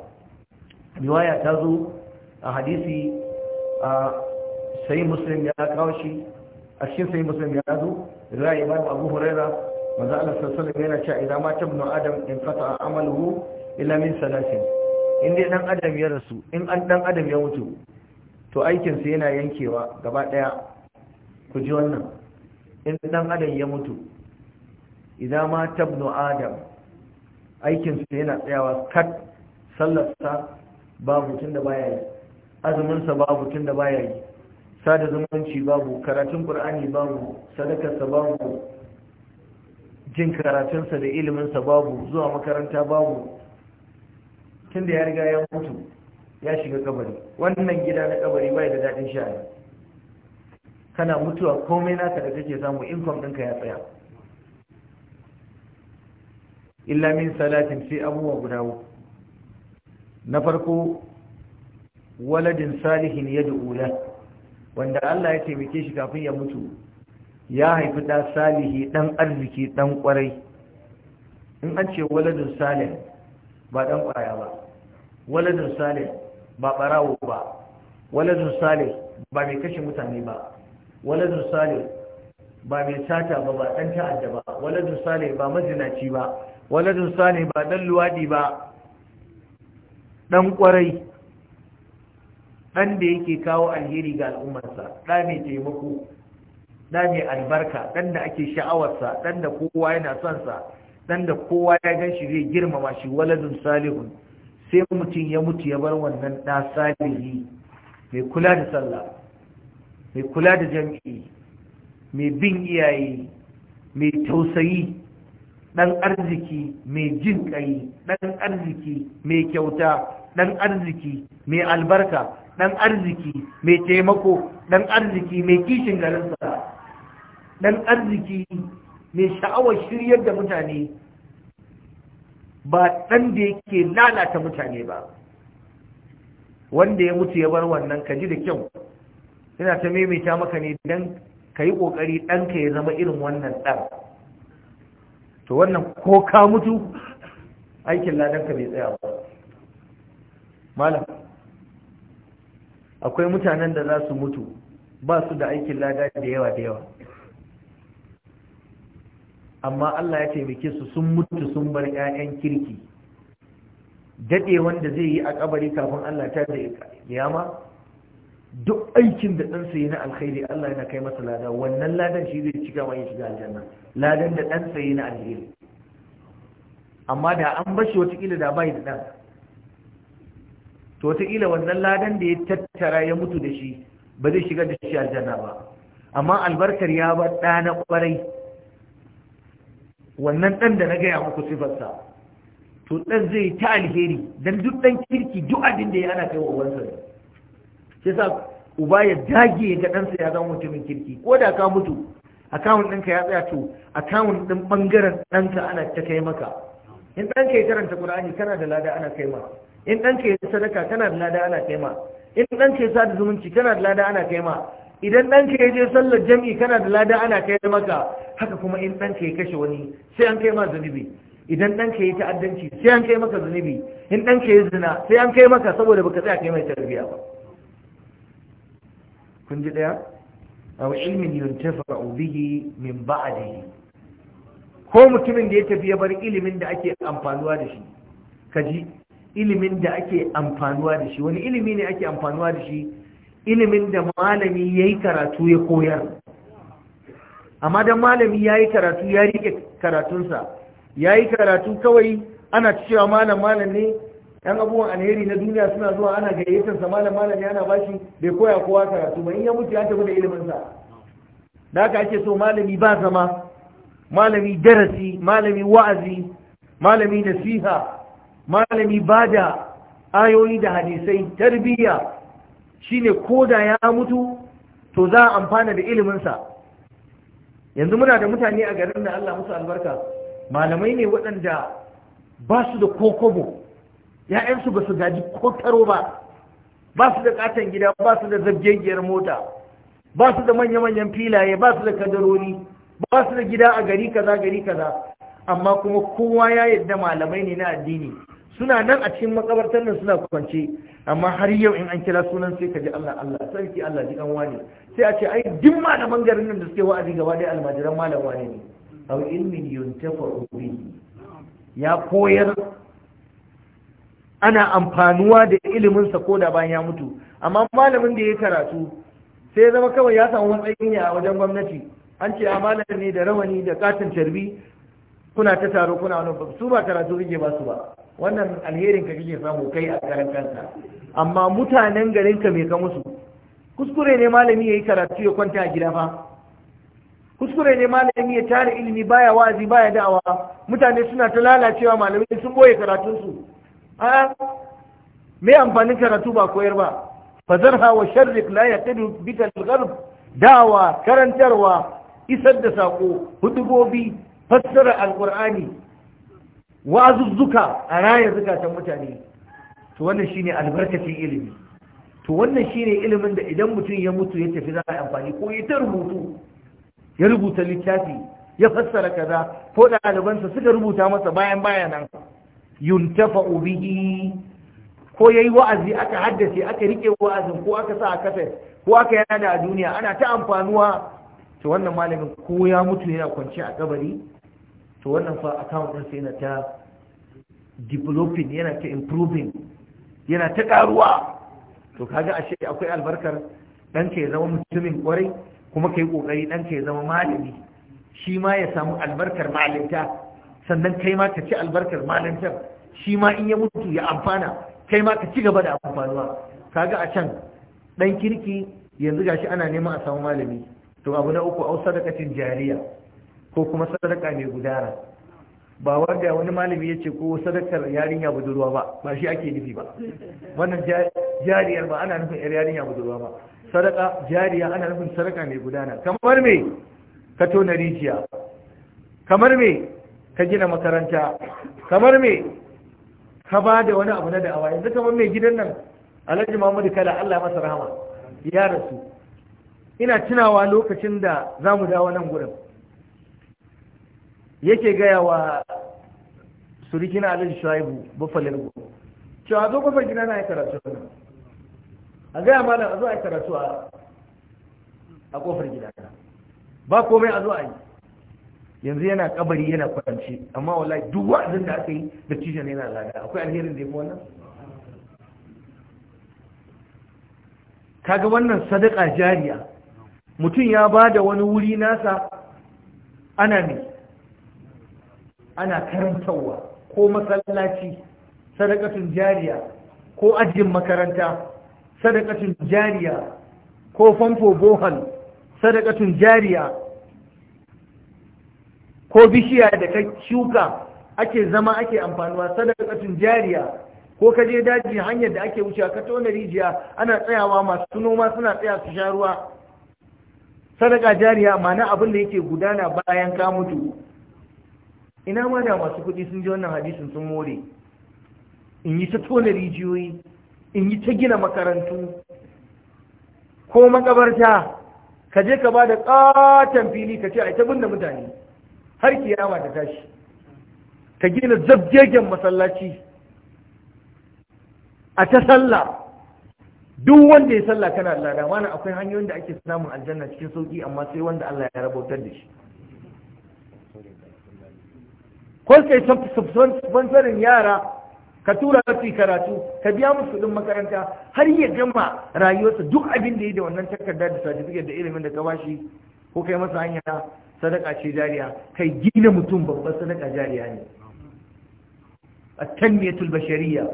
riwaya ta zo a hadisi a sai muslim ya kawo shi a cikin sai muslim ya zo riwaya ibn abu huraira manzo Allah sallallahu alaihi wasallam yana cewa idan ma tabnu adam in fata amaluhu illa min salasin in dai dan adam ya rasu in an dan adam ya mutu to aikin sa yana yankewa gaba daya ku ji wannan in dan adam ya mutu idan ma tabnu adam aikinsu yana tsayawa kat sallarsa babu tunda baya yi azuminsa babu tunda baya yi sada zumunci babu karatun ƙur'ani babu sadakarsa babu jin karatunsa da iliminsa babu zuwa makaranta babu Tunda ya riga ya mutu ya shiga kabari wannan gida na kabari bai da daɗin sha'ani kana mutuwa komai naka da kake samu income ɗinka ya tsaya illa min salatin sai abubuwa guda uku na farko waladin salihin ya da'ula wanda Allah ya taimake shi kafin ya mutu ya haifi ɗa salihi ɗan arziki ɗan ƙwarai in an ce waladin salih ba ɗan ƙwaya ba waladin salih ba ɓarawo ba waladin salih ba mai kashe mutane ba waladin salih ba mai sata ba ba ɗan ta'adda ba waladin salih ba mazinaci ba waladun sani ba dan luwadi ba dan kwarai dan da yake kawo alheri ga al'ummarsa dan mai taimako dan mai albarka dan da ake sha'awarsa dan da kowa yana son sa dan da kowa ya gan shi zai girmama shi waladun salihun sai mutum ya mutu ya bar wannan da salihi mai kula da sallah mai kula da jami'i mai bin iyaye mai tausayi ɗan arziki mai jin ƙai ɗan arziki mai kyauta ɗan arziki mai albarka ɗan arziki mai taimako ɗan arziki mai kishin garinsa ɗan arziki mai sha'awar shiryar da mutane ba ɗan da yake lalata mutane ba wanda ya mutu ya bar wannan ka ji da kyau yana ta maimaita maka ne don ka yi ƙoƙari ɗanka ya zama irin wannan ɗan to wannan ko ka mutu aikin ladanka bai tsaya ba malam akwai mutanen da za su mutu ba su da aikin lada da yawa da yawa amma Allah ya taimake su sun mutu sun bar 'ya'yan kirki daɗe wanda zai yi a kabari kafin Allah ta da yama duk aikin da ɗansa yi na alkhairi Allah yana kai masa lada wannan ladan shi zai gaba mai shiga aljanna ladan da ɗansa yi na alheri amma da an bashi wataƙila da bai da ɗan to wataƙila wannan ladan da ya tattara ya mutu da shi ba zai shiga da shi aljanna ba amma albarkar ya ba ɗa na ƙwarai wannan ɗan da na gaya muku sifarsa to ɗan zai ta alheri don duk ɗan kirki duk abin da ya ana kai wa uwansa ne shi yasa uba ya dage ga ɗansa ya zama mutumin kirki ko da ka mutu akawun ɗinka ya tsaya to akawun ɗin ɓangaren ɗanka ana ta kai maka in ɗanka ya karanta ƙur'ani kana da lada ana kai ma in ɗanka ya sadaka kana da lada ana kai ma in ɗanka ya sada zumunci kana da lada ana kai ma idan ɗanka ya je sallar jami'i, kana da lada ana kai maka haka kuma in ɗanka ya kashe wani sai an kai ma zunubi idan ɗanka ya ta'addanci sai an kai maka zunubi in ɗanka ya zina sai an kai maka saboda baka tsaya kai mai tarbiyya ba kun ji daya aw ilmin yuntafa'u bihi min ba'dihi ko mutumin da ya tafi ya bar ilimin da ake amfanuwa da shi kaji ilimin da ake amfanuwa da shi wani ilimi ne ake amfanuwa da shi ilimin da malami ya yi karatu ya koyar amma da malami ya yi karatu ya rike karatunsa ya yi karatu kawai ana cewa malam malam ne yan abubuwan alheri na duniya suna zuwa ana gayyatar sa malam malam yana bashi bai koya kowa karatu ba in ya mutu ya tafi da ilimin sa da haka ake so malami ba zama malami darasi malami wa'azi malami nasiha malami bada ayoyi da hadisai tarbiyya shine ko da ya mutu to za a amfana da ilimin sa yanzu muna da mutane a garin da Allah musu albarka malamai ne waɗanda ba su da kokobo ‘ya'yansu ba su gaji ko taro ba ba su da katon gida ba su da zabgegiyar mota ba su da manya-manyan filaye ba su da kadarori ba su da gida a gari kaza gari kaza amma kuma kowa ya yadda malamai ne na addini suna nan a cikin makabartar nan suna kwance amma har yau in an kira sunan sai ka ji Allah Allah sarki Allah ji an wani sai a ce ai duk malaman garin nan da suke wa'azi gaba dai almajiran malam wani ne aw ilmin yuntafa'u bihi ya koyar ana amfanuwa da iliminsa ko da bayan ya mutu amma malamin da ya karatu sai ya zama kawai ya samu matsayin ya a wajen gwamnati an ce a ah, malam ne da rawani da katin tarbi kuna ta taro kuna wani su ba karatu kike ba su ba wannan alherin ka kike samu kai a karan kanka amma mutanen garin ka me ka musu kuskure ne malami yayi karatu ya kwanta a gida fa kuskure ne malami ya tare ilimi baya wazi baya da'awa mutane suna ta lalacewa malamai sun boye karatunsu a me amfanin karatu ba koyar ba fazarha wa sharrik la yaqidu bika al dawa karantarwa isar da sako hudubobi fassara alkur'ani wazuzzuka a raya zukatan mutane to wannan shine albarkacin ilimi to wannan shine ilimin da idan mutum ya mutu ya tafi za a amfani ko ya ta rubutu ya rubuta littafi ya fassara kaza ko ɗalibansa suka rubuta masa bayan bayanan yuntafa bihi ko yayi wa'azi aka haddace aka rike wa'azin ko aka sa a kaset ko aka yana a duniya ana ta amfanuwa to wannan malamin ko ya mutu yana kwance a kabari to wannan fa account din sai yana ta developing yana ta improving yana ta karuwa to kaga ashe akwai albarkar dan ya zama mutumin kwarai kuma kai kokari dan ya zama malami shi ma ya samu albarkar malinta sannan kai ma ka ci albarkar malamtar. shi ma in ya mutu ya amfana kai ma ka ci gaba da amfanuwa kaga a can dan kirki yanzu gashi ana neman a samu malami to abu na uku au sadakatin jariya ko kuma sadaka mai gudana ba wanda wani malami ya ce ko sadakar yarinya budurwa ba ba shi ake nufi ba wannan jariyar ba ana nufin yarinya budurwa ba sadaka jariya ana nufin sadaka mai gudana kamar me ka tona rijiya kamar me ka gina makaranta kamar me ka ba da wani abu na da'awa yanzu kamar mai gidan nan alhaji muhammadu kala allah masa rahama ya rasu ina tunawa lokacin da za mu dawo nan gurin yake gaya wa na alhaji shuaibu bafalin cewa zo kofar gina na su karatu a gaya malam a zo a yi karatu a kofar gida ba komai a zo a yi yanzu yana kabari yana kwanci amma wallahi duk wa'azin da aka yi da tijan yana lada akwai alherin da ya fi wannan kaga wannan sadaka jariya mutum ya ba da wani wuri nasa ana ne ana karantarwa ko masallaci sadakatun jariya ko ajin makaranta sadakatun jariya ko famfo bohan sadakatun jariya ko bishiya da ka shuka ake zama ake amfanuwa sadakatun jariya ko ka je daji hanyar da ake wucewa ka tona rijiya ana tsayawa masu noma suna tsaya su sha ruwa sadaka jariya ma'ana abin da yake gudana bayan ka mutu ina ma da masu kuɗi sun ji wannan hadisin sun more in yi ta tona rijiyoyi in yi ta gina makarantu ko makabarta ka je ka ba da ƙaton fili ka ce a binne mutane har kiyama ta tashi ka gina zabjegen masallaci a ta sallah duk wanda ya sallah kana lada mana akwai hanyoyin da ake samun aljanna cikin sauki amma sai wanda Allah ya rabautar da shi ko kai sponsorin yara ka tura su karatu ka biya musu kudin makaranta har ya gama rayuwarsa duk abin da ya da wannan takardar da certificate da ilimin da ka bashi ko kai masa hanya sadaka ce jariya kai gina mutum babban sadaka jariya ne at-tanmiyatul bashariyya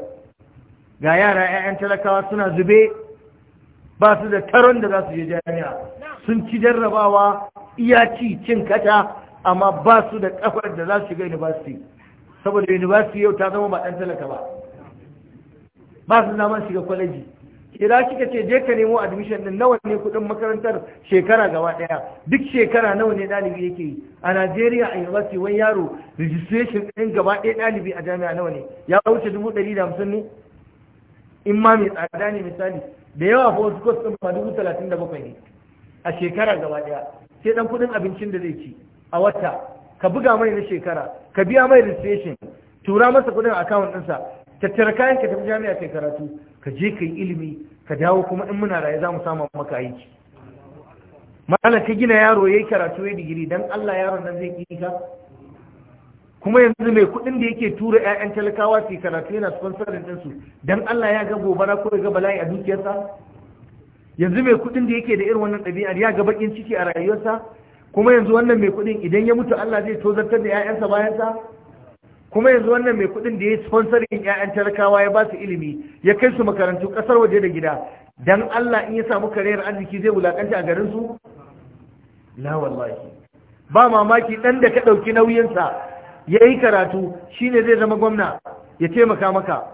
ga yara 'ya'yan talakawa suna zube ba su da taron da za su je jami'a sun ci jarrabawa iya ci cin kata amma ba su da kafar da za su shiga university saboda university yau ta zama ba ɗan talaka ba ba su zama shiga kwaleji kira kika ce je ka nemo admission din nawa ne kudin makarantar shekara gaba daya duk shekara nawa ne dalibi yake yi a Najeriya a university wani yaro registration din gaba daya dalibi a jami'a nawa ne ya wuce dubu ɗari da hamsin ne in ma mai tsada ne misali da yawa fa wasu kwas ɗin ma dubu talatin da bakwai ne a shekara gaba daya sai dan kudin abincin da zai ci a wata ka buga mai na shekara ka biya mai registration tura masa kudin account ɗinsa tattara kayan ka tafi jami'a kai karatu ka je ka yi ilimi ka dawo kuma in muna raye za mu samu maka aiki mana ka gina yaro yayi karatu yayi digiri dan Allah yaron nan zai yi ka kuma yanzu mai kuɗin da yake tura 'ya'yan talakawa su karatu yana din su, don Allah ya ga gobara ko ya ga bala'i a dukiyarsa yanzu mai kuɗin da yake da irin wannan ɗabi'ar ya ga bakin ciki a rayuwarsa kuma yanzu wannan mai kuɗin idan ya mutu Allah zai tozartar da 'ya'yansa bayansa kuma yanzu wannan mai kuɗin da ya yi sponsorin 'ya'yan talakawa ya ba su ilimi ya kai su makarantu kasar waje da gida dan Allah in ya samu kariyar arziki zai wulakanta a garin su la wallahi ba mamaki dan da ka ɗauki nauyinsa ya yi karatu shine zai zama gwamna ya taimaka maka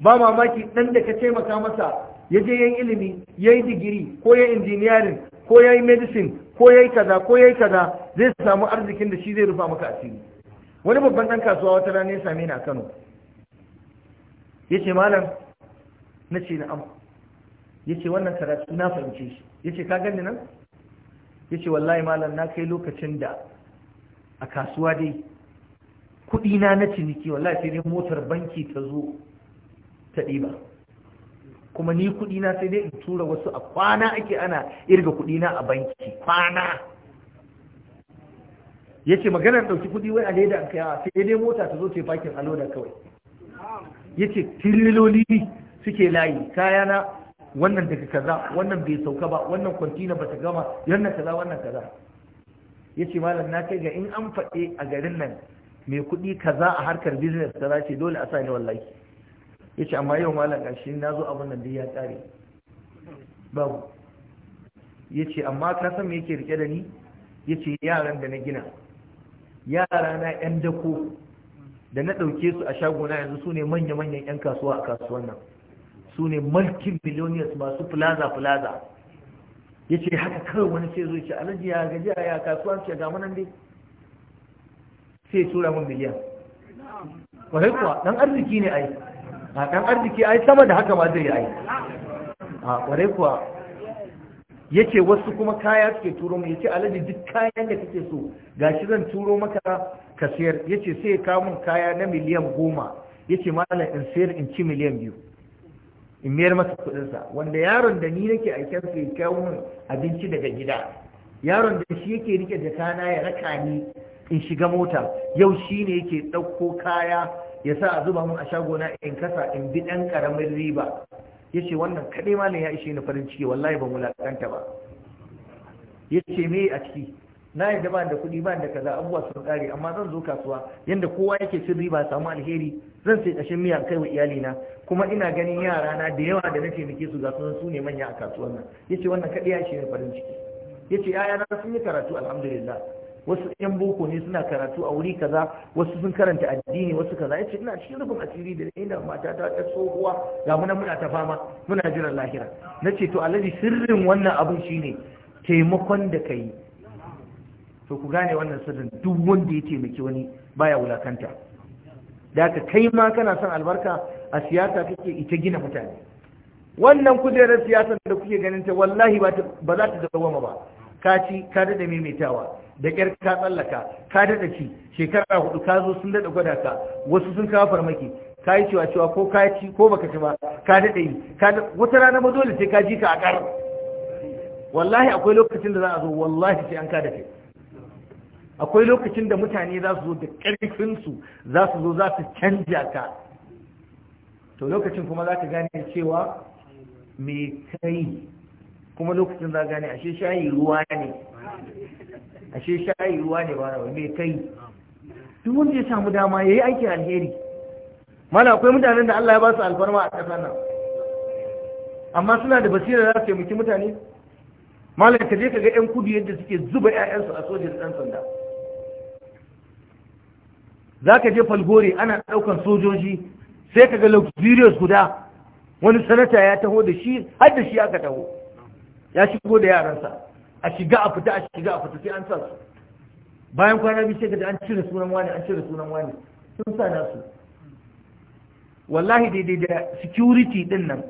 ba mamaki dan da ka taimaka masa ya je yin ilimi yayi digiri ko yayi engineering ko yayi medicine ko yayi kaza ko yayi kaza zai samu arzikin da shi zai rufa maka asiri wani babban ɗan kasuwa wata rana ya same ni a Kano ya ce malam na ce na'am ya ce wannan karatu na fahimce shi ya ce ka gani nan ya ce wallahi malam na kai lokacin da a kasuwa dai kuɗi na ciniki wallahi sai dai motar banki ta zo ta ɗiba kuma ni kuɗi na sai dai in tura wasu a kwana ake ana irga kuɗi a banki kwana yace maganar ɗauki kuɗi wai a leda an kaiwa sai dai mota ta zo ta fakin a loda kawai yace tililoli suke layi Kaya na, wannan daga kaza wannan bai sauka ba wannan kwantina ba ta gama Yannan kaza wannan kaza yace malam na kai ga in an faɗe a garin nan mai kuɗi kaza a harkar business ta zace dole a sa ni wallahi yace amma yau malam gashi na zo abin nan dai ya tsare babu yace amma ka san me yake rike da ni yace yaran da na gina yara na yan dako da na ɗauke su a shaguna yanzu su ne manya-manyan 'yan kasuwa a kasuwan nan su ne mulkin billionaires masu plaza-plaza ya ce haka kawai wani sai zo ce alaji ya gaji a ya kasuwa ce ga manan dai sai tura mun miliyan wahai kuwa ɗan arziki ne ai a ɗan arziki ai sama da haka ma zai ai a kwarai kuwa yace wasu kuma kaya suke turo mu yace alaji duk kayan da kake so gashi zan turo maka ka sayar yace sai ya kawo kaya na miliyan goma yace malam in sayar in ci miliyan biyu in mayar masa kudin sa wanda yaron da ni nake aikin sa ya kawo min abinci daga gida yaron da shi yake rike da kana ya raka ni in shiga mota yau shine yake dauko kaya ya sa a zuba mun a shagona in kasa in bi ɗan karamin riba Ya ce wannan kadai malam ya ishe ni farin ciki wallahi ban mulakanta ba Ya ce me a ciki na yadda ba da kuɗi ba da kaza abubuwa sun ƙare amma zan zo kasuwa yadda kowa yake cin riba samu alheri zan sai ƙashin miya kai wa iyalina kuma ina ganin yara na da yawa da na nake su ga sun su ne manya a kasuwar nan ce wannan kadai ya ishe ni farin ciki yace yaya na sun yi karatu alhamdulillah wasu yan boko ne suna karatu a wuri kaza wasu sun karanta addini wasu kaza yace ina cikin rubun asiri da inda mata ta ta tsohuwa ga muna muna ta fama muna jiran lahira nace to alladi sirrin wannan abin shine taimakon da kai to ku gane wannan sirrin duk wanda ya taimaki wani baya wulakanta da ka kai ma kana son albarka a siyasa kake ita gina mutane wannan kujerar siyasar da kuke ganin ta wallahi ba za ta dawoma ba ka ci ka da maimaitawa da ƙyar ka tsallaka ka daɗa ci shekara hudu ka zo sun daɗa gwada ka wasu sun kawo farmaki ka yi cewa cewa ko ka ci ko baka ci ba ka daɗa yi wata rana ma dole sai ka ji ka a ƙar wallahi akwai lokacin da za a zo wallahi sai an ka da akwai lokacin da mutane za su zo da ƙarfinsu za su zo za su canja ka to lokacin kuma za ka gane cewa me kai kuma lokacin za gane ashe shayi ruwa ne ashe shayi ruwa ne ba rawa mai kai duk wanda ya samu dama ya yi aikin alheri mana akwai mutanen da Allah ya ba su alfarma a ƙasar nan amma suna da basira za su taimaki mutane malam ka je ka ga 'yan kudu yadda suke zuba ƴaƴansu a sojin ɗan sanda za ka je falgore ana ɗaukan sojoji sai ka ga luxurious guda wani sanata ya taho da shi har da shi aka taho ya shigo da yaransa a shiga a fita a shiga a fita sai an sa su bayan kwana biyu sai ka an cire sunan wani an cire sunan wani sun sa na su wallahi daidai da security din nan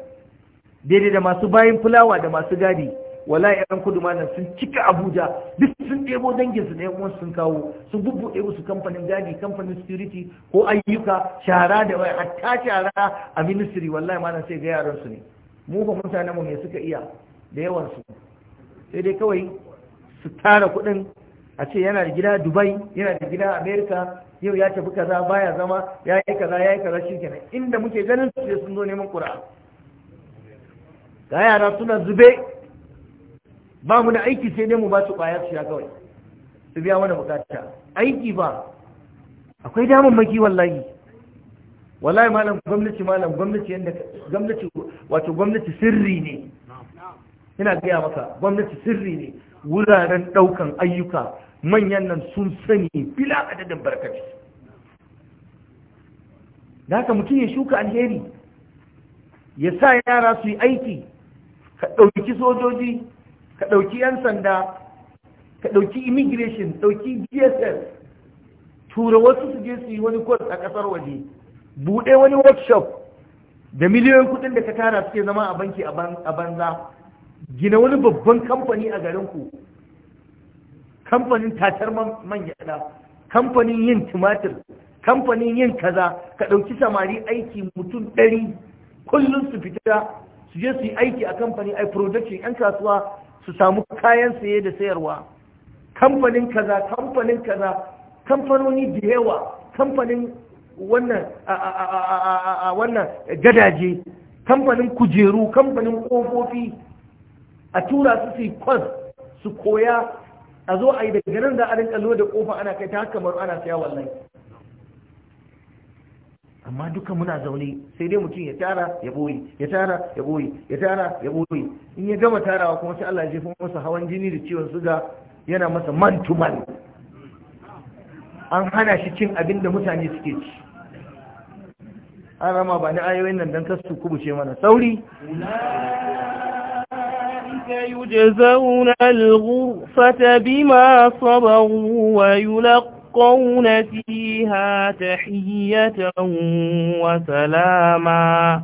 daidai da masu bayan fulawa da masu gadi wallahi yan kudu ma nan sun cika abuja duk sun ɗebo dangin su da yan sun kawo sun bubbuɗe musu kamfanin gadi kamfanin security ko ayyuka shara da wai hatta shara a ministry wallahi ma nan sai ga yaran su ne mu ba mutanen mu me suka iya da yawan su sai dai kawai su tara kuɗin a ce yana da gida dubai yana da gida america yau ya tafi kaza baya zama ya yi kaza ya yi kaza shi kenan inda muke ganin su sun zo neman kura ga yara suna zube ba mu da aiki sai dai mu ba su su ya kawai su biya mana bukata aiki ba akwai damar maki wallahi wallahi malam gwamnati malam gwamnati yadda gwamnati wato gwamnati sirri ne ina gaya maka gwamnati sirri ne wuraren ɗaukan ayyuka manyan nan sun sani bila adadin barkaci da haka mutum ya shuka alheri ya sa yara su yi aiki ka ɗauki sojoji ka ɗauki 'yan sanda ka ɗauki immigration ɗauki GSS? tura wasu su je su yi wani kwas a ƙasar waje buɗe wani workshop da miliyoyin kuɗin da ka tara suke zama a banki a banza gina wani babban kamfani a garinku kamfanin tatar man gyada kamfanin yin tumatir kamfanin yin kaza ka ɗauki samari aiki mutum ɗari kullum su fita su je su yi aiki a kamfani a production 'yan kasuwa su samu kayan saye da sayarwa kamfanin kaza kamfanin kaza kamfanoni da yawa kamfanin wannan wannan gadaje kamfanin kujeru kamfanin kofofi a tura su su kwas su koya a zo a yi daga nan da a kallo da kofa ana kai ta kamar ana saya wallahi amma duka muna zaune sai dai mutum ya tara ya boye ya tara ya boye ya tara ya boye in ya gama tarawa kuma sai Allah ya jefa masa hawan jini da ciwon suga yana masa man to man an hana shi cin abin da mutane suke ci an rama ba ni ayoyin nan dan kasu kubuce mana sauri يجزون الغرفة بما صبروا ويلقون فيها تحية وسلاما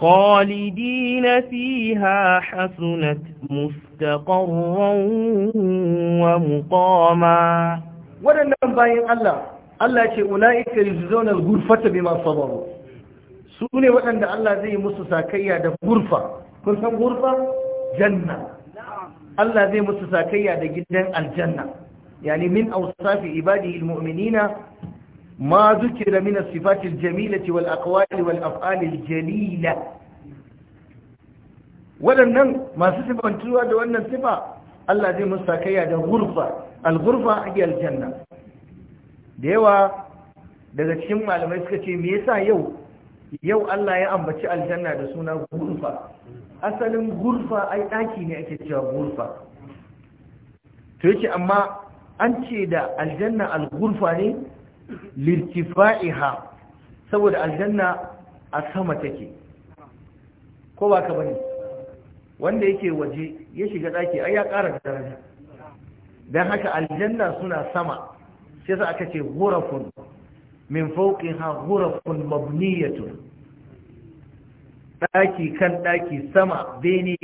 خالدين فيها حسنت مستقرا ومقاما waɗannan bayan Allah Allah ce ula'ika yujzawna al-ghurfata bima sabaru su ne waɗanda Allah zai musu sakayya da gurfa kun san gurfa janna Allah zai musu sakayya da gidan aljanna yani min awsafi ibadihi almu'minina ma zukira min as-sifati al-jamilati wal aqwali wal af'ali al-jalila wadannan masu sifantuwa da wannan sifa Allah zai musu sakayya da ghurfa al-ghurfa hiya al-janna da yawa daga cikin malamai suka ce me yasa yau yau Allah ya ambaci aljanna da suna ghurfa asalin gurfa ai ɗaki ne ake cewa gurfa to yake amma an ce da aljanna al-gurfa ne lirtifa'iha saboda aljanna a sama take ko ba ka bane wanda yake waje ya shiga ɗaki ai ya ƙara daraja dan haka aljanna suna sama sai sa aka ce gurafun min fawqiha gurafun mabniyatun ɗaki kan ɗaki sama bene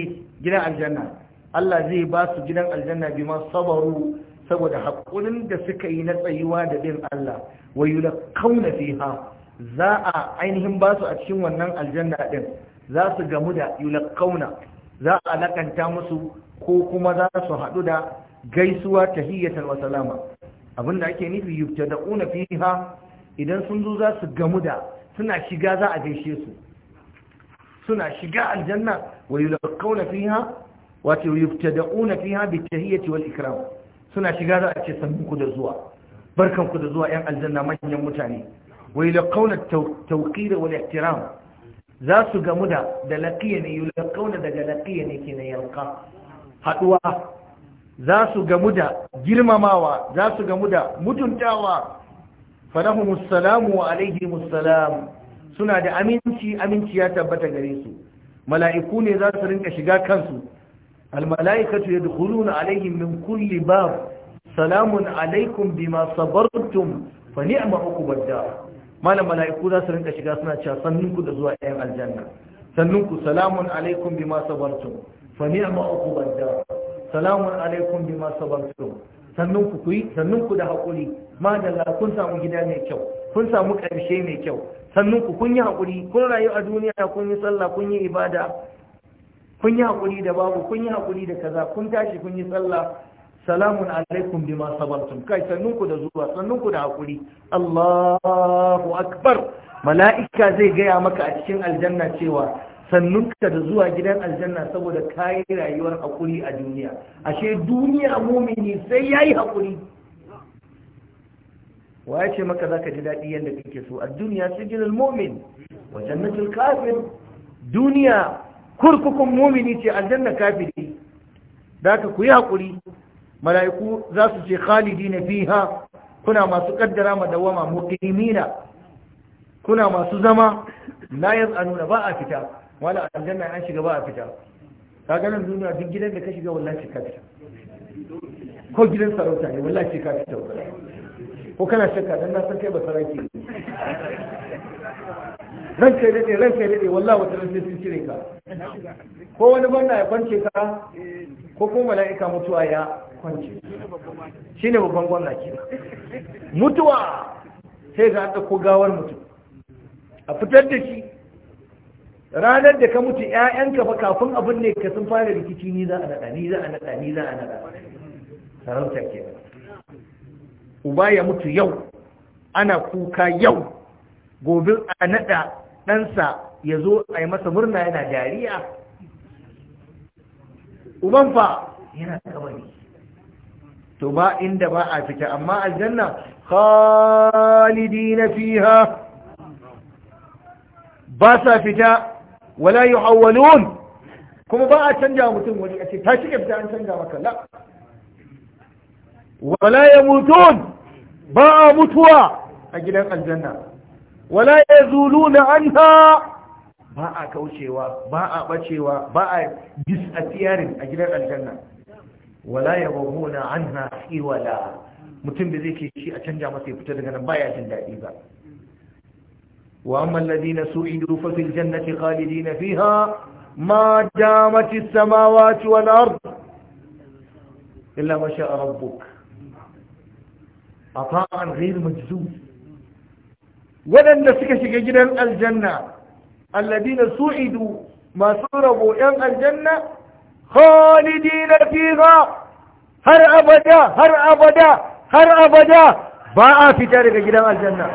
gidan aljanna Allah zai ba su gidan aljanna bi sabaru saboda haƙurin da suka yi na tsayuwa da bin Allah wa yulqawna fiha za a ainihin ba su a cikin wannan aljanna din za su gamu da yulqawna za a lakanta musu ko kuma za su haɗu da gaisuwa tahiyatan wa salama abinda ake nufi yubtada'una fiha idan sun zo za su gamu da suna shiga za a gaishe su suna shiga aljanna wa yulqawna fiha wato yuftada'una fiha bitahiyyati wal ikram suna shiga za a ce sannunku da zuwa barkanku da zuwa yan aljanna manyan mutane wa yulqawna tawqir wal ihtiram za su gamu da da laqiya ne yulqawna daga laqiya ne kenan yalqa Haɗuwa, za su gamu da girmamawa za su gamu da mutuntawa falahumus salamu wa alaihimus salam suna da aminci aminci ya tabbata gare su mala'iku ne za su rinka shiga kansu almala'ikatu yadkhuluna alaihim min kulli bab salamun alaikum bima sabartum fa ni'ma uqbad dar malam mala'iku za su rinka shiga suna cewa sannunku da zuwa ayyan aljanna sannunku salamun alaikum bima sabartum fa ni'ma uqbad dar salamun alaikum bima sabartum sannunku kuyi sannunku da hakuri madalla kun samu gida mai kyau kun samu karshe mai kyau sannunku kun yi haƙuri kun rayu a duniya kun yi sallah kun yi ibada kun yi haƙuri da babu kun yi haƙuri da kaza kun tashi kun yi sallah salamun alaikum bima sabartum kai sannunku da zuwa sannunku da haƙuri Allahu akbar mala'ika zai gaya maka a cikin aljanna cewa sannunka da zuwa gidan aljanna saboda kayi rayuwar haƙuri a duniya ashe duniya mumini sai yayi haƙuri wa ya ce maka zaka ji daɗi yadda kake so a duniya sijilul mu'min wa jannatul kafir duniya kurkukun mumini ce aljanna kafiri da ka ku yi haƙuri mala'iku za su ce khalidi na fiha kuna masu kaddara madawama muqimina kuna masu zama la yaz'anuna ba a fita wala aljanna an shiga ba a fita Ka ganin duniya duk gidan da ka shiga wallahi ka fita ko gidan sarauta ne wallahi ka fita wallahi ko kana shakka dan na san kai ba sarki ran kai dade ran kai dade wallahi wata ran sai sun cire ka ko wani banda ya kwance ka ko ko mala'ika mutuwa ya kwance shine babban gwamna ke mutuwa sai ka an ko gawar mutum a fitar da shi ranar da ka mutu ƴaƴanka fa kafin abin ne ka sun fara rikici ni za a naɗa ni za a naɗa ni za a naɗa sarauta kenan uba ya mutu yau ana kuka yau gobe a naɗa ɗansa ya zo a yi masa murna yana dariya uban fa yana kabari to ba inda ba a fita amma aljanna khalidina fiha ba sa fita wala yuhawwalun kuma ba a canja mutum wani a ce ta shiga fita an canja maka la wala yamutun ba mutuwa a gidan aljanna wala yazuluna anha ba a kaucewa ba a bacewa ba a disappearing a gidan aljanna wala an anha tsiwala, mutum da zai ke shi a canja masa ya fita daga nan baya jin daɗi ba wa amma alladhina su'idu fa fil jannati khalidina fiha ma damat samawati wal ard illa ma sha'a rabbuk ata'an ghayr majzum waɗanda suka shiga gidan aljanna alladina su'idu masu rabo yan aljanna khalidina fiha har abada har abada har abada ba a fita daga gidan aljanna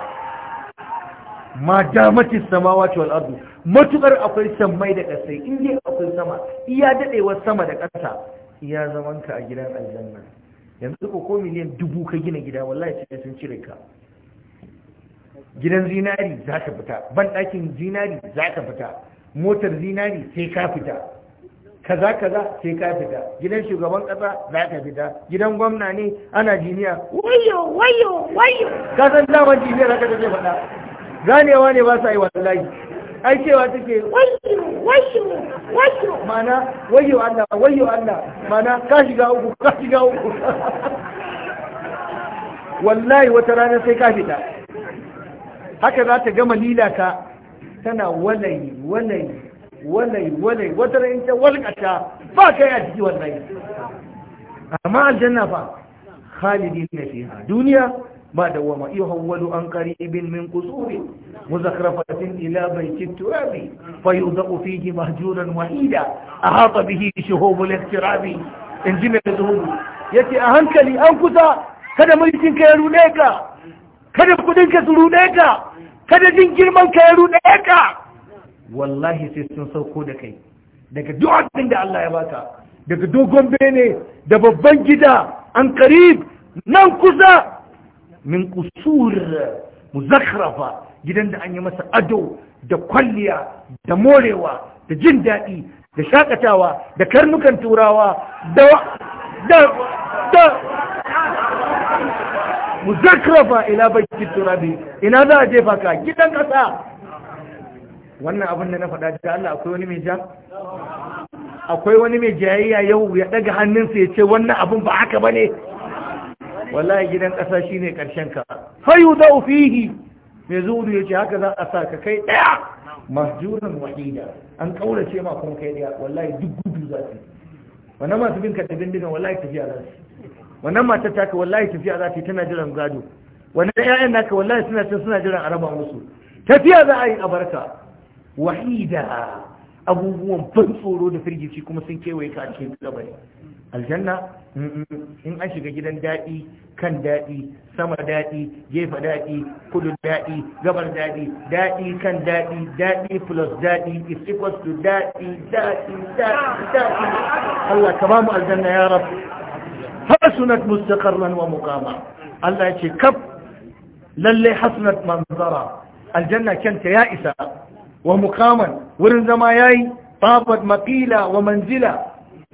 ma damatis samawati wal ardu matukar akwai sammai da kasai in akwai sama iya dadewar sama da ƙasa iya zamanka a gidan aljanna yanzu ko ko miliyan dubu ka gina gida wallahi sai sun cire ka gidan zinari za ka fita ban ɗakin zinari za ka fita motar zinari sai ka fita kaza kaza sai ka fita gidan shugaban kasa za ka fita gidan gwamna ne ana jiniya wayo wayo wayo ka san daman jiniyar haka take faɗa ganewa ne ba sa yi wallahi ai cewa take wayo mana Allah wayo Allah mana ka shiga uku ka shiga uku wallahi wata rana sai ka fita haka za ta gama lila ka tana walai walai walai walai wata rana ta walƙata ba kai a jiki wallahi amma aljanna fa khalidin fiha duniya ما دوما يهول عن قريب من قصور مزخرفة إلى بيت التراب فيوضع فيه مهجورا وحيدا أحاط به شهوب الاقتراب انجم الزهور يتي أهنك لي أنكسا kada mulkin ka ya ruɗe ka kada kudin ka su ruɗe ka kada jin girman ka ya ruɗe ka wallahi sai sun sauko da kai daga Allah ya baka daga dogon bene da babban gida an karib nan kusa min kusur muzakhrafa gidan da an yi masa ado da kwalliya da morewa da jin daɗi da shakatawa da karnukan turawa da da da muzakrafa ila bakin turabi ina za a jefa ka gidan ƙasa wannan abin da na faɗa da Allah akwai wani mai ja akwai wani mai jayayya yau ya ɗaga hannunsa ya ce wannan abin ba haka ba ne? wallahi gidan ƙasa shine ƙarshen ka fayu da ufihi mai zuru ya ce haka za a sa ka kai ɗaya mahjuran wahida an ce ma kuma kai ɗaya wallahi duk gudu za su wannan masu bin ka da bindigan wallahi tafiya za su wannan ta taka wallahi tafiya za su yi tana jiran gado wannan ƴaƴan naka wallahi suna cin suna jiran a raba musu tafiya za a yi a barka wahida abubuwan ban tsoro da firgici kuma sun kewaye ka a cikin kabari aljanna in an shiga gidan daɗi kan daɗi sama daɗi gefe daɗi kudu daɗi gabar daɗi daɗi kan daɗi daɗi plus daɗi is equals to daɗi daɗi daɗi daɗi Allah ka bamu aljanna ya rab hasunat mustaqarran wa muqama Allah ya ce kaf lalle hasunat manzara aljanna kan ta ya isa wa muqaman wurin zama yayi babat maqila wa manzila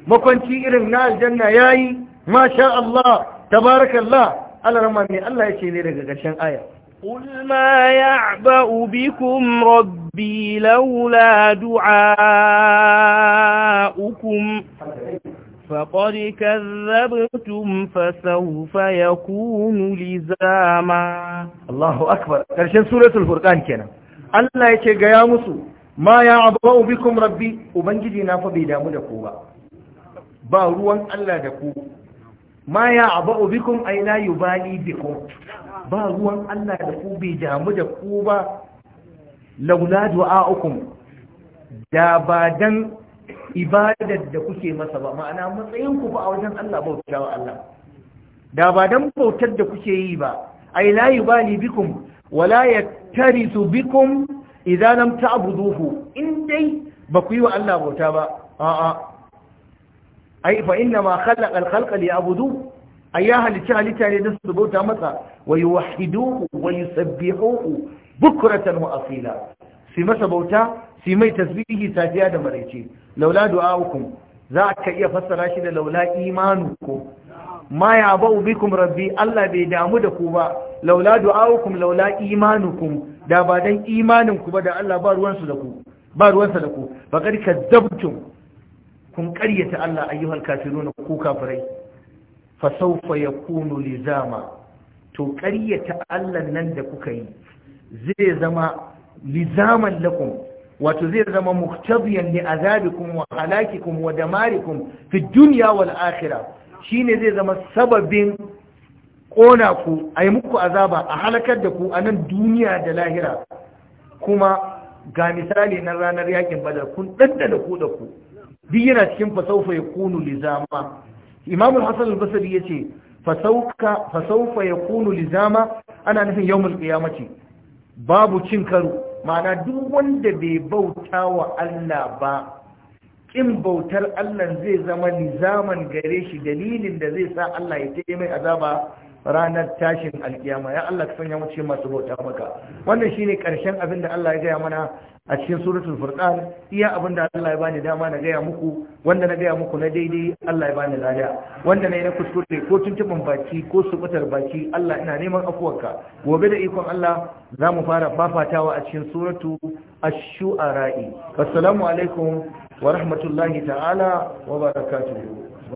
makwanci irin na aljanna yayi masha Allah tabarakallah Allah rama ne Allah yace ne daga ƙarshen aya قل ما يعبأ بكم ربي لولا دعاؤكم فقد كذبتم فسوف يكون لزاما الله أكبر كرشان سورة الفرقان كنا الله يتشي قيامسو ما يعبأ بكم ربي وبنجدنا فبيدامو دكوبا ba ruwan Allah da ku ma ya aba'u bikum aina yubali bikum ba ruwan Allah da ku bai damu da ku ba laula du'a'ukum da ba dan ibadar da kuke masa ba ma'ana matsayin ku ba a wajen Allah bauta wa Allah da ba dan bautar da kuke yi ba ai la yubali bikum wala yaktarisu bikum idan lam ta'buduhu in dai ba ku yi wa Allah bauta ba a'a ai fa inna ma khalaqa al-khalqa liya'budu ay ya halitta halitta ne da su bauta masa wa yuwahhiduhu wa yusabbihuhu bukratan wa asila Si masa bauta si mai tasbihi safiya da maraice laula du'a'ukum za ka iya fassara shi da laula imanu ko ma ya ba'u bikum rabbi Allah bai damu da ku ba laula du'a'ukum laula imanukum da ba dan imanin ku ba da Allah ba ruwansu da ku ba ruwansa da ku faqad kadzabtum kun karyata Allah ayyuhal kafiruna ku kafirai fa sawfa yakunu lizama to karyata Allah nan da kuka yi zai zama lizaman lakum wato zai zama muktadiyan li azabikum wa halakikum wa damarikum fi dunya wal akhirah shine zai zama sababin kona ku ayi muku azaba a halakar da ku a nan duniya da lahira kuma ga misali na ranar yakin badar kun daddana ku da ku duk yana cikin fasaufa ya kunu lizama imam al-hasan al-basri yace fasauka fasaufa ya kunu lizama ana nufin yawmul qiyamati babu cin karo ma'ana duk wanda bai bauta wa Allah ba kin bautar Allah zai zama lizaman gare shi dalilin da zai sa Allah ya taimai mai azaba ranar tashin alkiyama ya Allah ka sanya mu cikin masu bauta maka wannan shine karshen abin da Allah ya gaya mana a cikin suratul furqan iya abin da Allah ya bani dama na gaya muku wanda na gaya muku na daidai Allah ya bani lada wanda na yi na kuskure ko tuntuban baki ko subutar baki Allah ina neman afuwarka gobe da ikon Allah za mu fara fafatawa a cikin suratu ash-shu'ara assalamu alaikum wa rahmatullahi ta'ala wa barakatuhu